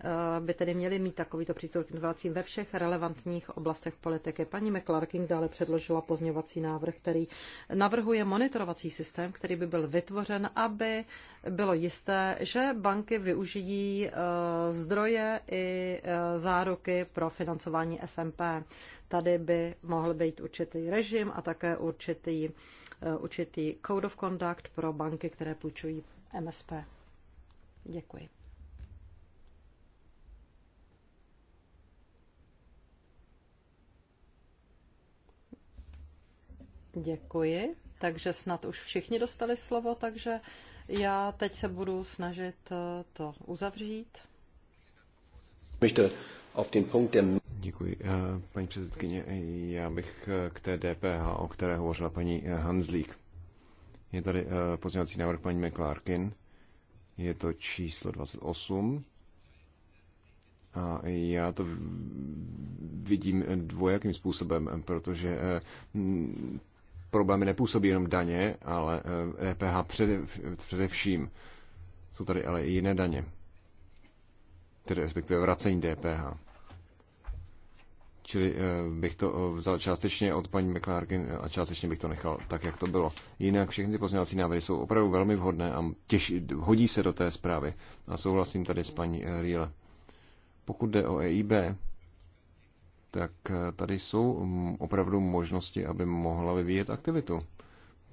Eh, by tedy měli mít takovýto přístup k inovacím ve všech relevantních oblastech politiky. Paní McClarkin dále předložila pozměňovací návrh, který navrhuje monitorovací systém, který by byl vytvořen, aby bylo jisté, že banky využijí eh, zdroje i eh, záruky pro financování SMP. Tady by mohl být určitý režim a také určitý, určitý code of conduct pro banky, které půjčují MSP. Děkuji. Děkuji. Takže snad už všichni dostali slovo, takže já teď se budu snažit eh, to uzavřít. Děkuji, eh, paní předsedkyně. Já bych eh, k té DPH, o které hovořila paní Hanzlík. Je tady pozměňovací návrh paní McClarkin. Je to číslo 28. A já to vidím dvojakým způsobem, protože problémy nepůsobí jenom daně, ale EPH e především. Jsou tady ale i jiné daně, tedy respektive vracení DPH. Čili eh, bych to eh, vzal částečně od paní McLarkin a částečně bych to nechal tak, jak to bylo. Jinak všechny ty pozměňovací návrhy jsou opravdu velmi vhodné a těž, hodí se do té zprávy. A souhlasím tady s paní eh, Riele. Pokud jde o EIB, tak eh, tady jsou mm, opravdu možnosti, aby mohla vyvíjet aktivitu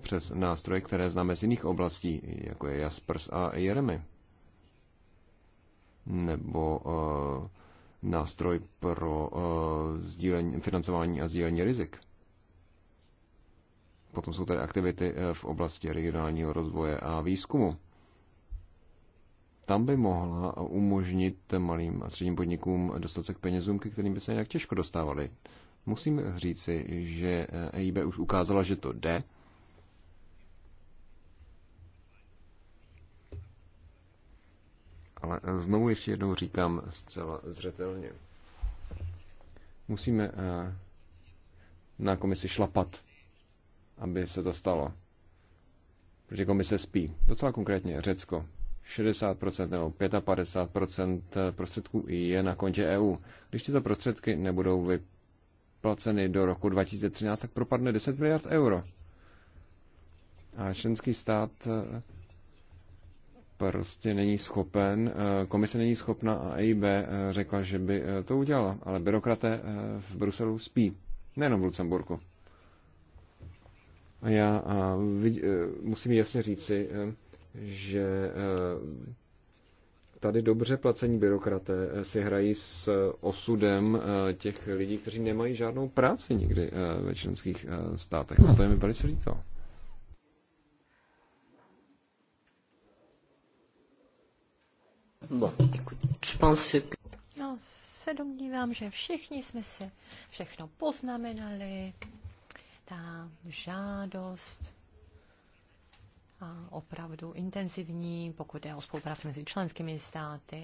přes nástroje, které známe z jiných oblastí, jako je Jaspers a Jeremy. Nebo uh, nástroj pro uh, sdílení, financování a sdílení rizik. Potom jsou tady aktivity v oblasti regionálního rozvoje a výzkumu tam by mohla umožnit malým a středním podnikům dostat se k penězům, ke kterým by se nějak těžko dostávali. Musím říci, že EIB eh, už ukázala, že to jde. Ale eh, znovu ještě jednou říkám zcela zřetelně. Musíme eh, na komisi šlapat, aby se to stalo. Protože komise spí. Docela konkrétně Řecko. 60% nebo 55% prostředků je na kontě EU. Když tyto prostředky nebudou vyplaceny do roku 2013, tak propadne 10 miliard euro. A členský stát eh, prostě není schopen, eh, komise není schopna a EIB eh, řekla, že by to udělala, ale byrokraté v Bruselu spí, nejenom v Lucemburku. A Já a vidí, musím jasně říci, že eh, tady dobře placení byrokraté eh, si hrají s eh, osudem těch lidí, kteří nemají žádnou práci nikdy ve členských státech. A to je mi velice líto. Já no, se domnívám, že všichni jsme si všechno poznamenali. Ta žádost opravdu intenzivní, pokud je o spolupráci mezi členskými státy,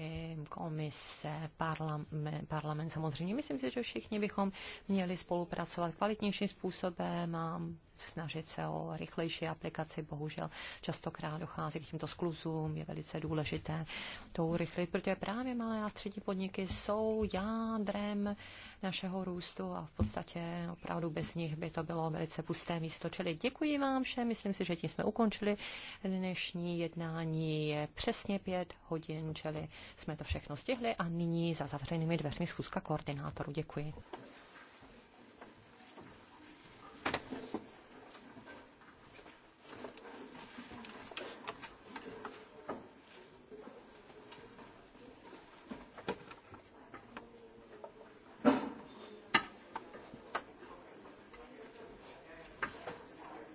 komise, parlament, parlament samozřejmě. Myslím si, že všichni bychom měli spolupracovat kvalitnějším způsobem a snažit se o rychlejší aplikaci. Bohužel častokrát dochází k těmto skluzům, je velice důležité to urychlit, protože právě malé a střední podniky jsou jádrem našeho růstu a v podstatě opravdu bez nich by to bylo velice pusté místo. Čili děkuji vám všem, myslím si, že tím jsme ukončili dnešní jednání. Je přesně pět hodin, čili jsme to všechno stihli a nyní za zavřenými dveřmi schůzka koordinátorů. Děkuji.